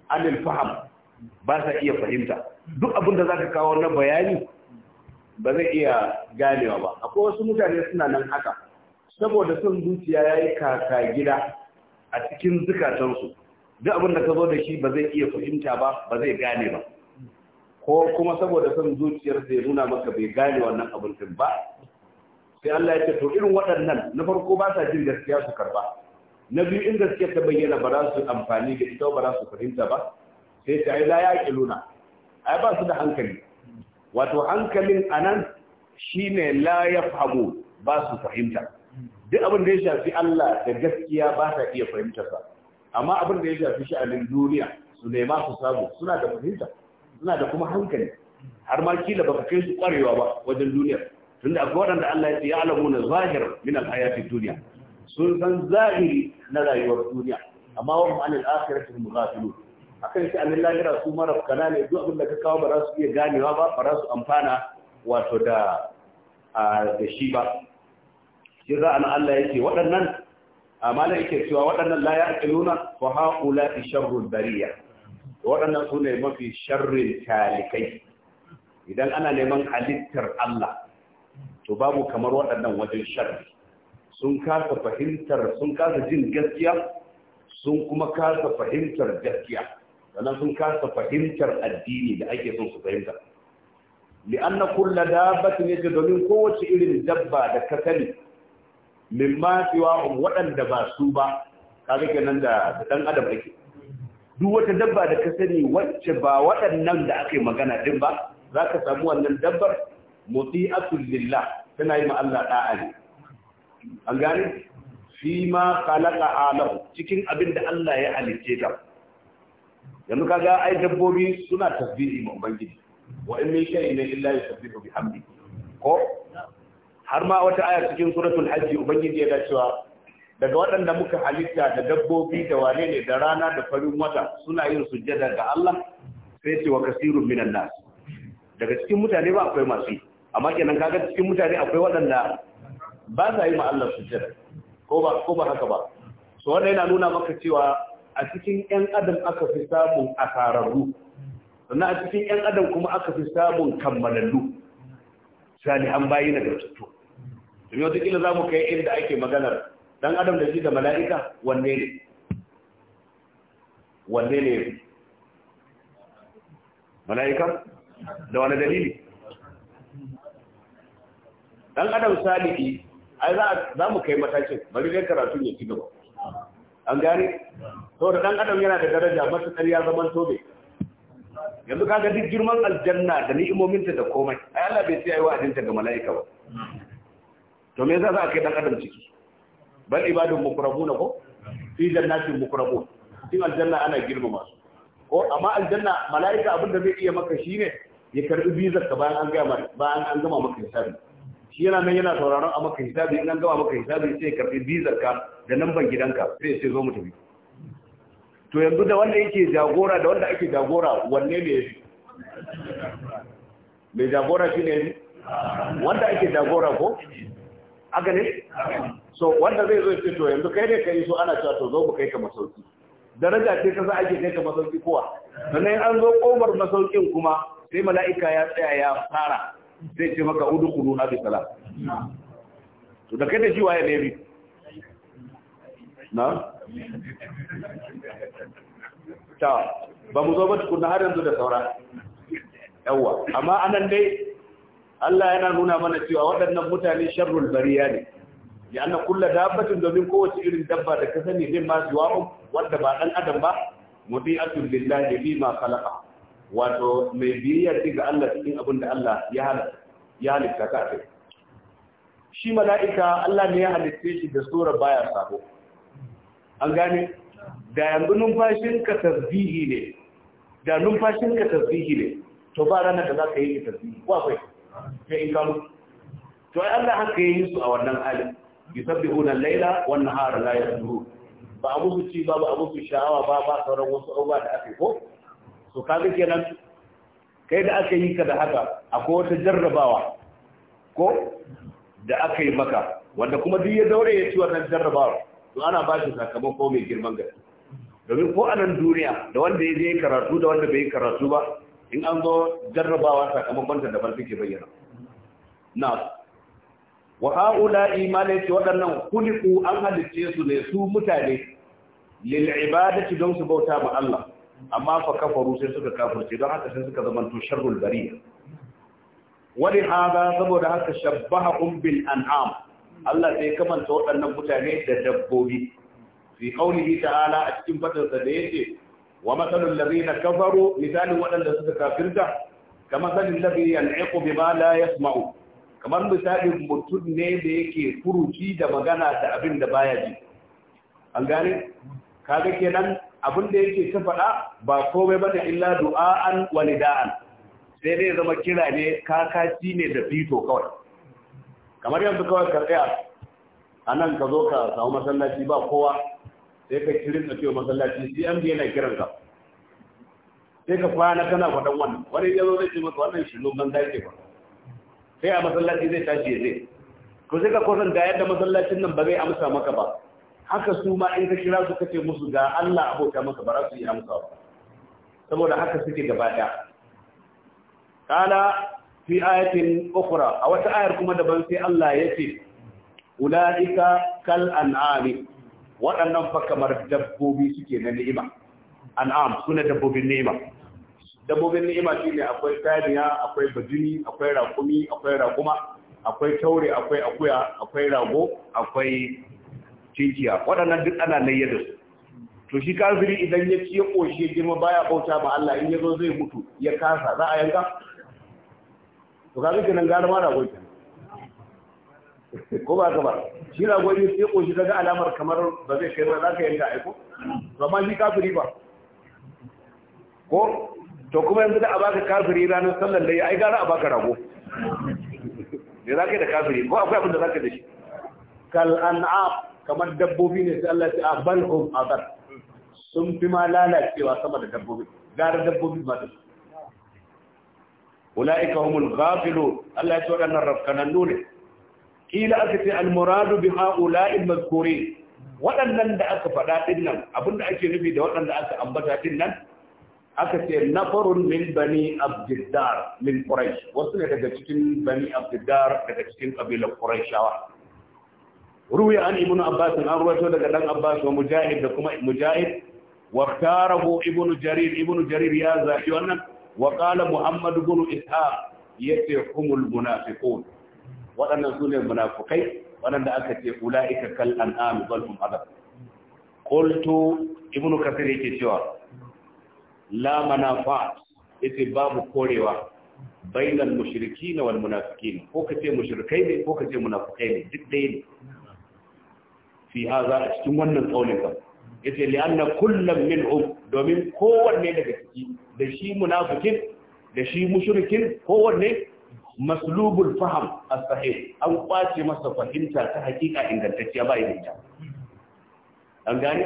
anil faham ba sa iya fahimta duk abinda da za ka kawo na bayani ba zai iya ganewa ba akwai wasu mutane suna nan haka saboda son zuciya ya yi kaka gida a cikin zukatansu duk abin ka zo da shi ba zai iya fahimta ba ba zai gane ba ko kuma saboda son zuciyar ya nuna maka bai gane wannan abin din ba sai Allah ya ce to irin waɗannan na farko ba sa jin gaskiya su karba na biyu in gaskiya ta bayyana ba za su amfani da ita ba za su fahimta ba sai ta ai la yaqiluna ai ba su da hankali wato hankalin anan shine la yafhamu ba su fahimta duk abin da ya shafi Allah da gaskiya ba sa iya fahimtar sa amma abin da ya shafi sha'anin duniya su nema su samu suna da fahimta suna da kuma hankali har ma kila baka kai su kwarewa ba wajen duniya tunda akwai waɗanda Allah ya ce ya alamu na zahir min alhayati duniya sun san zahiri na rayuwar duniya amma wa ma'an al-akhirati hum ghafilun akan shi annin lahira su mara kana duk abin da ka kawo ba za su iya ganewa ba ba za su amfana wato da da shi ba shi za an Allah yake waɗannan amala yake cewa waɗannan la ya'qiluna fa haula sharrul bariya waɗannan su ne mafi sharrin talikai idan ana neman halittar Allah to babu kamar waɗannan wajen sharri sun kasa fahimtar sun kasa jin gaskiya sun kuma kasa fahimtar gaskiya sannan sun kasa fahimtar addini da ake son su fahimta li'anna kullu dabbatin yake domin kowace irin dabba da ka sani min ma waɗanda ba su ba kaga kenan da dan adam ake duk wata dabba da ka sani wacce ba waɗannan da aka magana din ba za ka samu wannan dabbar muti'atul lillah tana yi ma Allah da'a ne an gane fi ma khalaqa alam cikin abin da Allah ya halice ta yanzu kaga ai dabbobi suna tasbihi ma ubangiji wa in min shay'in illa yusabbihu bihamdi ko har ma wata aya cikin suratul hajj ubangiji ya cewa daga waɗanda muka halitta da dabbobi da wane ne da rana da farin wata suna yin sujjada ga Allah sai ce wa kasirun minan nas daga cikin mutane ba akwai masu yi amma kenan kaga cikin mutane akwai waɗanda ba sa yi ma Allah sujjada ko ba ko ba haka ba so wanda yana nuna maka cewa a cikin ƴan adam aka fi samun asararru sannan a cikin ƴan adam kuma aka fi samun kammalallu sani an bayi na gartattu domin wataƙila za mu kai inda ake maganar dan adam da shi da mala'ika wanne ne wanne ne mala'ika da wani dalili dan adam saliki ai za mu kai matakin bari dai karatu ya ci gaba an gani to da dan adam yana da daraja matuƙar ya zaman tobe yanzu kaga duk girman aljanna da ni'imominta da komai ai Allah bai sai ayi wa'adinta ga mala'ika ba to me yasa za a kai dan adam ciki bal ibadun mukrabuna ko fi jannatin mukrabun cikin aljanna ana girmama su ko amma aljanna mala'ika abin da zai iya maka shine ya karbi bizar ka bayan an gama bayan an gama maka hisabi shi yana nan yana sauraron a maka hisabi in an gama maka hisabi sai ya karbi bizar ka da namban gidanka sai sai zo mu tafi to yanzu da wanda yake jagora da wanda ake jagora wanne ne yafi mai jagora shi ne wanda ake jagora ko aka ne so wanda zai zo ce to yanzu kai ne ka so ana cewa to zo mu kai ka masauki daraja ce ta za ke kai ka masauki kowa sannan an zo komar masaukin kuma sai mala'ika ya tsaya ya fara zai ce maka udkhulu na bisala to da kai da shi waye ne na ta ba mu zo ba tukunna har yanzu da saura yawa amma anan dai Allah yana nuna mana cewa waɗannan mutane sharrul bariya ne ya anna kulla dabbatin domin kowace irin dabba da ka sani zai ma jiwa'un wanda ba dan adam ba muti'atun lillahi bima khalaqa wato mai biyayya ce ga Allah cikin abin da Allah ya halatta ya halitta ka kai shi mala'ika Allah ne ya halitta shi da sura baya sabo an gane da yanzu numfashin ka tasbihi ne da numfashin ka tasbihi ne to ba ranar da za ka yi tasbihi ko akwai sai in kamu to ai Allah haka yi su a wannan halin yusabbihuna al-laila wan nahara la yasbihun ba a musu ci ba ba a musu sha'awa ba ba sauran wasu abubuwa da ake ko so kaga kenan kai da aka yi ka da haka akwai wata jarrabawa ko da aka yi maka wanda kuma duk ya daure ya ci wannan jarrabawa to ana ba shi sakamako mai girman gaske domin ko a nan duniya da wanda ya je karatu da wanda bai karatu ba in an zo jarrabawa sakamakon ta daban suke bayyana na wa ha'ula'i imanai ce waɗannan kuliku an halicce su ne su mutane lil ibadati don su bauta ma Allah amma fa kafaru sai suka kafirce don haka sai suka zama to sharrul bariya wani hada saboda haka shabbahum bil an'am Allah sai kamanta waɗannan mutane da dabbobi fi qaulihi ta'ala a cikin fadarsa da yake wa matsalin lalina kafaru misalin waɗanda suka kafirta ka matsalin lalina yan'iku bi la yasma'u kamar misalin mutum ne da yake furuci da magana da abin da baya ji an gane kaga kenan abin da yake ta faɗa ba komai bane illa du'a'an wa nida'an sai dai zama kira ne kakaci ne da fito kawai kamar yanzu kawai ka tsaya a nan ka zo ka samu masallaci ba kowa sai ka kirin da cewa masallaci cmd yana kiran ka sai ka kwana kana faɗan wannan wani ya zo zai ce maka wannan shi lokacin da ke faɗa sai a masallaci zai tashi ya zai to sai ka kusan da yadda masallacin nan ba zai amsa maka ba haka su ma in ka kira su kace musu ga Allah abota maka ba za su yi amsa ba saboda haka suke gaba ɗaya kala fi ayatin ukhra a wata ayar kuma daban sai Allah ya ce ulaika kal an'ami waɗannan fa kamar dabbobi suke na ni'ima an'am suna dabbobin ni'ima dabbobin ni'ima shi ne akwai saniya akwai bajini akwai rakumi akwai rakuma akwai taure akwai akuya akwai rago akwai cikiya waɗannan duk ana layyar da su to shi kafiri idan ya ci ya koshi ya girma baya bauta ba Allah in ya zo zai mutu ya kasa za a yanka to ka zuke nan gara ma rago ko ba ka ba shi rago in ya koshi daga alamar kamar ba zai kai ba za ka yanka aiko to amma shi kafiri ba ko to kuma yanzu da a baka kafiri ranar sallar da ya ai gara a baka rago da za ka yi da kafiri ko akwai abin da za ka da shi kal an'am kamar dabbobi ne sai Allah ya ce ah, bal hum adar sun fi ma lalacewa sama da dabbobi gara dabbobi ba da su ulaika humul ghafilun Allah ya ce wadannan rafkanannu ne kila aka ce al muradu bi haula'i al mazkurin waɗannan da aka faɗa ɗin nan abinda ake nufi da waɗanda aka ambata ɗin nan aka ce nafarun min bani abdiddar min quraish wasu ne daga cikin bani abdiddar daga cikin kabilar quraishawa ruwiya an ibnu abbas an ruwato daga dan abbas wa mujahid da kuma mujahid wa ktarahu ibnu jarir ibnu jarir ya zafi wannan wa qala muhammad ibn ishaq yace humul munafiqun waɗannan sune munafikai waɗanda aka ce ulaika kal an'am bal hum adab qultu ibnu kathir yake cewa la manafa yace babu korewa bainal mushrikin wal munafikin ko kace mushrikai ne ko kace munafikai ne duk dai ne fi haza a cikin wannan tsaunin ka yace li anna min um domin kowanne daga ciki da shi munafikin da shi mushrikin kowanne maslubul faham as-sahih an kwace masa fahimta ta hakika ingantacciya ba idan ta an gane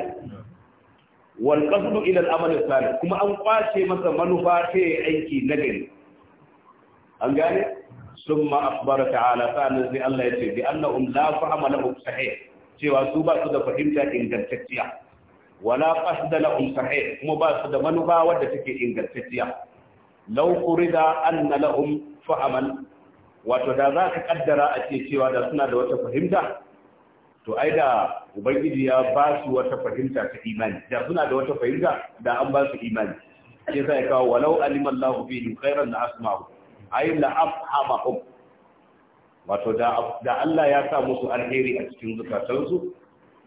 wal qasdu ila al amal salih kuma an kwace masa manufa ta aiki na gari. an gane summa akhbara ta'ala sa'an sai Allah ya ce bi annahum la fahama lahum sahih cewa su ba su da fahimta ingantacciya wala qasda lahum sahih kuma ba su da manufa wadda take ingantacciya law qurida anna lahum fahaman wato da za ka kaddara a ce cewa da suna da wata fahimta to ai da ubangiji ya ba su wata fahimta ta imani da suna da wata fahimta da an ba su imani sai sai kawo walau alimallahu fihi khairan la asma'u ai la afhamahum wato da da Allah ya sa musu alheri a cikin zukatansu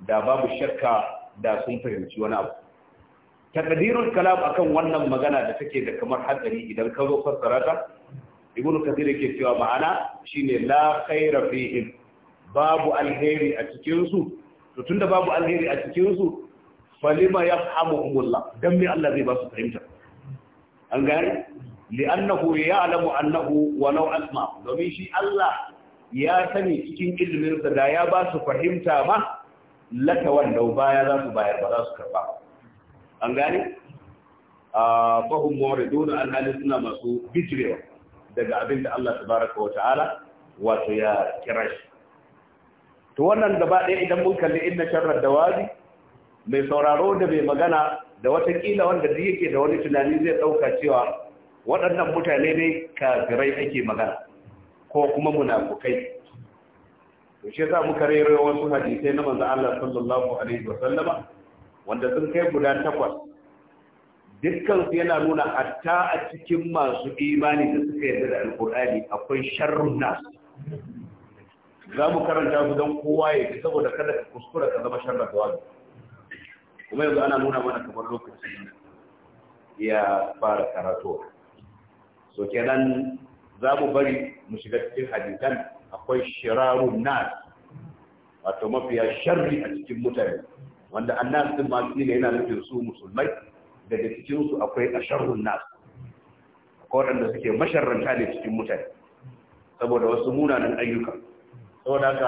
da babu shakka da sun fahimci wani abu takdirul kalam akan wannan magana da take da kamar hadari idan ka zo fassara ta ibn kathir yake cewa ma'ana shine la khaira fihim babu alheri a cikinsu to tunda babu alheri a cikinsu falima ya hamu umullah don me Allah zai ba su fahimta an gane li'annahu alamu annahu walau asma domin shi Allah ya sani cikin ilimin da ya ba su fahimta ma lata wanda baya za su bayar ba za su karba an gane a fahim muriduna annali suna masu bijirewa daga abin da Allah baraka wa ta'ala wato ya kira shi to wannan gaba ɗaya idan mun kalli inna sharrar wazi, mai sauraro da mai magana da watakila wanda da yake da wani tunani zai ɗauka cewa waɗannan mutane ne kafirai ake magana ko kuma munafukai to shi yasa muka rero wasu hadisai na manzo Allah sallallahu alaihi wa sallama wanda sun kai guda takwas dukkan su yana nuna hatta a cikin masu imani da suka yarda da alqur'ani akwai sharrun nas za mu karanta su don kowa ya ji saboda kada ka kuskura ka zama sharra ga wani kuma yanzu ana nuna mana kamar lokaci ya fara karatu so kenan za mu bari mu shiga cikin hadisan akwai shirarun nas wato mafiya sharri a cikin mutane wanda annas din ma shi ne yana nufin su musulmai daga cikin su akwai asharrun nas akwai waɗanda suke masharranta ne cikin mutane saboda wasu munanan ayyuka saboda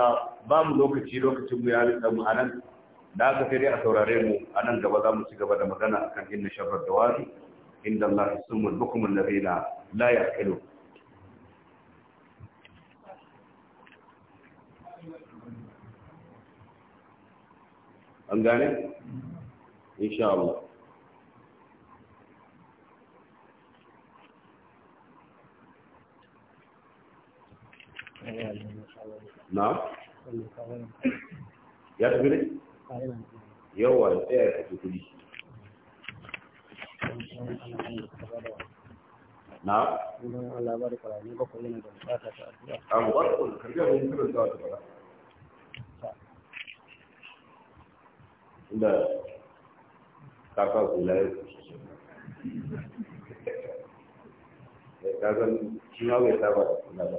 haka mu lokaci lokacin mu ya rika mu anan da aka sai dai a saurare mu anan gaba za mu ci gaba da magana akan inna da dawari inda Allah sumul bukum allazina la yaqilun an gane insha Allah Yeah. na ya tafi ne yawa ya tsaya ya tafi kudi na a kula ya kasance ya shi ma bai saba da kula ba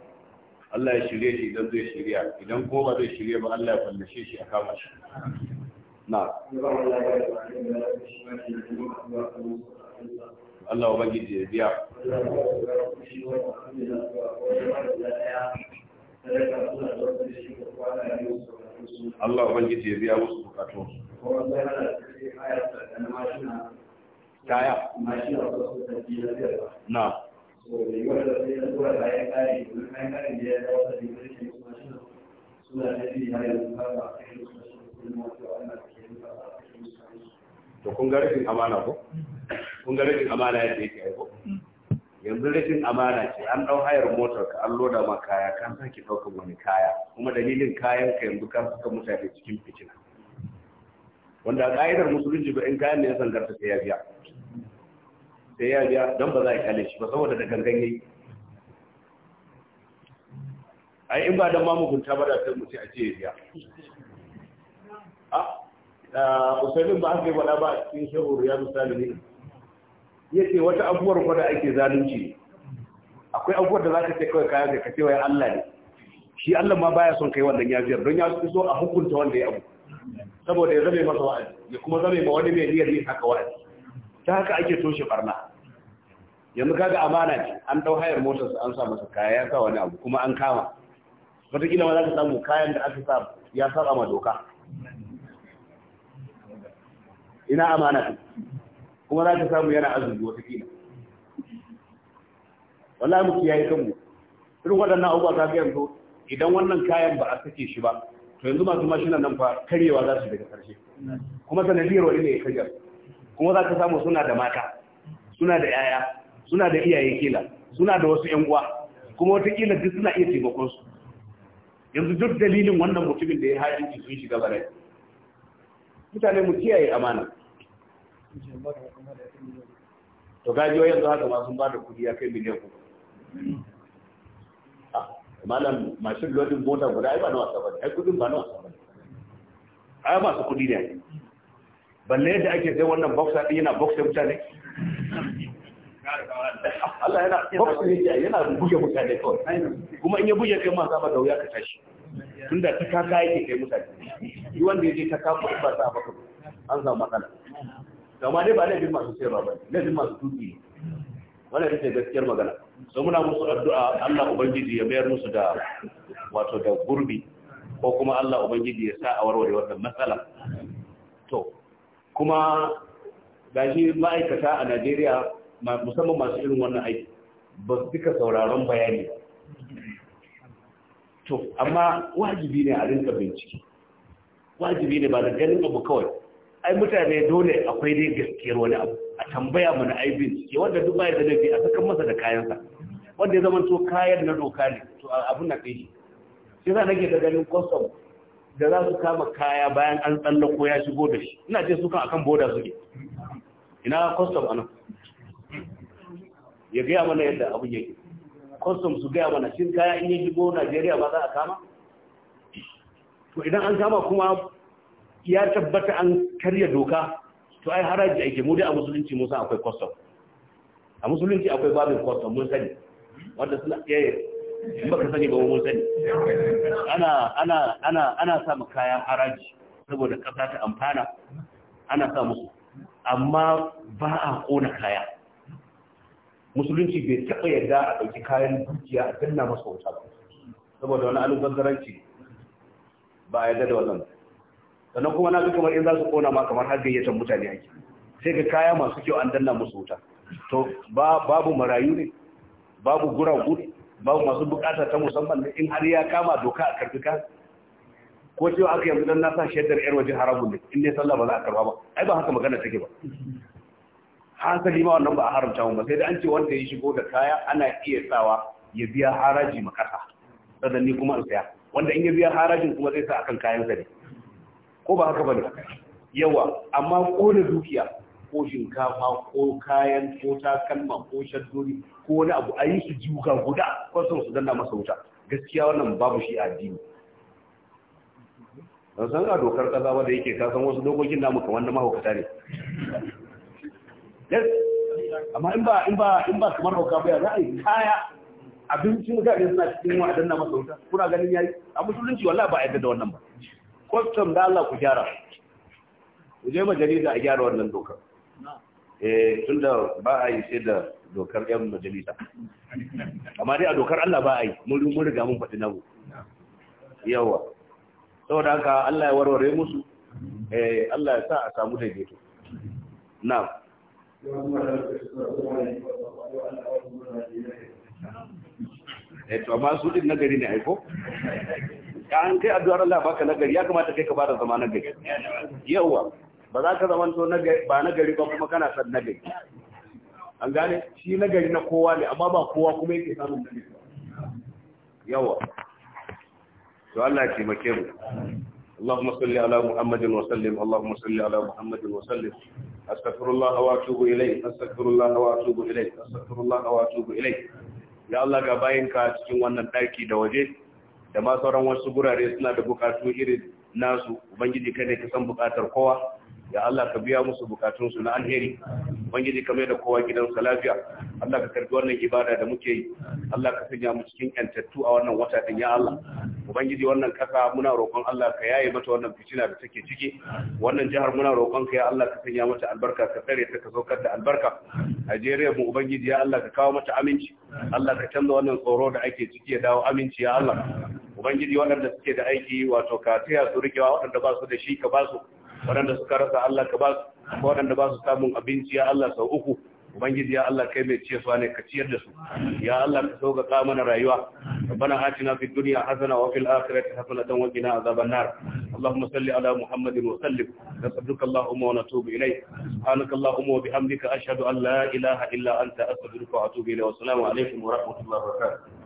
Allah ya shirye shi idan zai shirya idan ko ba zai shirye ba Allah ya fallashe shi a kama shi na Allah wa bangi ya biya Allah wa bangi ya biya musu bukatu ya na saboda yi wanda sai na tura bayan kare domin bayan kare da ya dawo da yin rikin kuma shi suna da yi har yanzu ba ba a yi kuma shi kuma wata wanda ke yi ba ba a yi to kun ga rikin amana ko kun ga rikin amana yadda yake aiko yanzu rashin amana ce an dau hayar motar ka an loda ma kaya kan ki ɗaukar wani kaya kuma dalilin kayan ka yanzu kan suka mutane cikin fitina wanda a ƙa'idar musulunci ba in kayan ne ya sangarta sai ya biya sai ya biya don ba za a kyale shi ba saboda da gangan yayi ai in ba dan ma mugunta ba da sai mu ce a ce ya biya ah, a usaimin ba haka yi wada ba a cikin shehu ya misali ne yace wata abubuwar ko da ake zalunci akwai abubuwar da za ka ce kawai kayan da ka ce wai Allah ne shi Allah ma baya son kai wannan yafiyar don ya so a hukunta wanda ya abu saboda ya zame masa wa'azi ya kuma zame ma wani mai niyyar yin haka wa'azi ta haka ake toshe barna yanzu kaga amana ce an dau hayar motar su an sa masa kaya ya sa wani abu kuma an kama wataƙila ma za ka samu kayan da aka sa ya saba ma doka ina amana kuma za ka samu yana azumi wataƙila wallahi mu kiyaye kanmu irin waɗannan abubuwa ka ga yanzu idan wannan kayan ba a sake shi ba to yanzu masu mashina nan fa karyewa za su daga karshe kuma sanadiyar wani ne ya kajar kuma za ka samu suna da mata suna da yaya suna da iyaye kila suna da wasu yan uwa kuma wata kila duk suna iya taimakon su yanzu duk dalilin wannan mutumin da ya ki sun shiga barai mutane mu kiyaye amana to gajiyo yanzu haka ma sun ba da kudi ya kai miliyan uku ah, malam mashin lodin mota guda ai ba na wasa bane ai kudin ba na wasa bane ai masu kudi ne balle da ake sai wannan boxer din yana boxer mutane Allah yana boxing yake yana buge mutane kawai kuma in ya buge kai ma zaba da wuya ka tashi tun tunda ta kaka yake kai mutane duk wanda ya je ta kaka ba sa ba an samu matsala amma dai ba laifin masu sayarwa ba ne, laifin masu tuki wannan ita gaskiyar magana so muna musu addu'a Allah ubangiji ya bayar musu da wato da gurbi ko kuma Allah ubangiji ya sa a warware wannan matsala to kuma gashi ma'aikata a Najeriya musamman masu irin wannan aiki ba su duka sauraron bayani to amma wajibi ne a rinka bincike wajibi ne ba da ganin abu kawai ai mutane dole akwai dai gaskiyar wani abu a tambaya mana ai bincike wanda duk bayar da laifi a sakan masa da kayansa wanda ya zama to kayan na doka ne to abin na kai sai za nake da ganin custom da za su kama kaya bayan an tsallako ya shigo da shi ina ce su kan akan boda suke ina a anan ya gaya mana yadda abin yake custom su gaya mana shin kaya in yi jibo najeriya ba za a kama to idan an kama kuma ya tabbata an karya doka to ai haraji ake mu dai a musulunci musa akwai custom a musulunci akwai babin custom mun sani wanda suna yaya eh, in baka sani ba mun sani ana ana ana ana sa mu haraji saboda kasa ta amfana ana sa musu amma ba a kona kaya musulunci bai taɓa yadda a ɗauki kayan dukiya a danna masa wuta ba saboda wani alubazzaranci ba a yadda da wannan sannan kuma na fi kamar in za su kona ma kamar har gayyatar mutane ake sai ga kaya masu kyau an danna musu wuta to babu marayu ne babu guragu ne babu masu bukata ta musamman ne in har ya kama doka a karfi ka ko cewa aka yanzu dan na sa shaidar yar waje haramun ne in dai sallah ba za a karba ba ai ba haka magana take ba hankali ma wannan ba a haramta mu ba sai da an ce wanda ya shigo da kaya ana iya sawa ya biya haraji ma kasa sannan ni kuma in saya wanda in ya biya harajin kuma zai sa akan kayan sa ne ko ba haka bane yawa amma ko da dukiya ko shinkafa ko kayan ko takalma ko shaddori ko wani abu a yi su guda ko sun su danna masa wuta gaskiya wannan babu shi a addini san a dokar kaza ba da yake kasan wasu dokokin namu kamar na mahaukata ne amma in ba in ba in ba kamar hauka ba za a yi kaya abincin ne suna cikin wa adanna masa wuta kuna ganin yayi a musulunci wallahi ba a yadda da wannan ba kwastam da Allah ku gyara ku je majalisa a gyara wannan dokar eh tunda ba a yi sai da dokar yan majalisa amma dai a dokar Allah ba a yi mun mun riga mun faɗi namu yawa saboda haka Allah ya warware musu eh Allah ya sa a samu daidaito na'am eh to amma su din nagari ne aiko ka an kai addu'ar Allah baka nagari ya kamata kai ka bada zama nagari yawa ba za ka zama to ba nagari ba kuma kana san nagari an gane shi nagari na kowa ne amma ba kowa kuma yake samun nagari yawa to Allah ya taimake mu اللهم صل على محمد وسلم اللهم صل على محمد وسلم استغفر الله واتوب اليه استغفر الله واتوب اليه استغفر الله واتوب اليه ya Allah ga ka cikin wannan daki da waje da ma sauran wasu gurare suna da bukatu irin nasu ubangiji kada ka san bukatar kowa ya Allah ka biya musu bukatun su na alheri ubangiji kamar da kowa gidansa lafiya Allah ka karbi wannan ibada da muke yi Allah ka sanya mu cikin yantattu a wannan wata din ya Allah ubangiji wannan kasa muna roƙon Allah ka yaye mata wannan fitina da take ciki wannan jihar muna roƙon ka ya Allah ka sanya mata albarka ka tsare ta ka saukar da albarka Najeriya mu ubangiji ya Allah ka kawo mata aminci Allah ka canza wannan tsoro da ake ciki ya dawo aminci ya Allah ubangiji waɗanda suke da aiki wato ka tsaya su rikewa waɗanda ba su da shi ka ba su waɗanda suka rasa Allah ka ba su waɗanda ba su samun abinci ya Allah sau uku Ubangiji ya Allah kai mai ciye su ne ka ciyar da su ya Allah ka sauka ka mana rayuwa rabbana atina fid dunya hasana wa fil akhirati hasanatan wa qina azaban nar اللهم صل على محمد وسلم نسألك اللهم ونتوب إليه سبحانك اللهم وبحمدك أشهد أن لا إله إلا أنت أستغفرك وأتوب إليه والسلام عليكم ورحمة الله وبركاته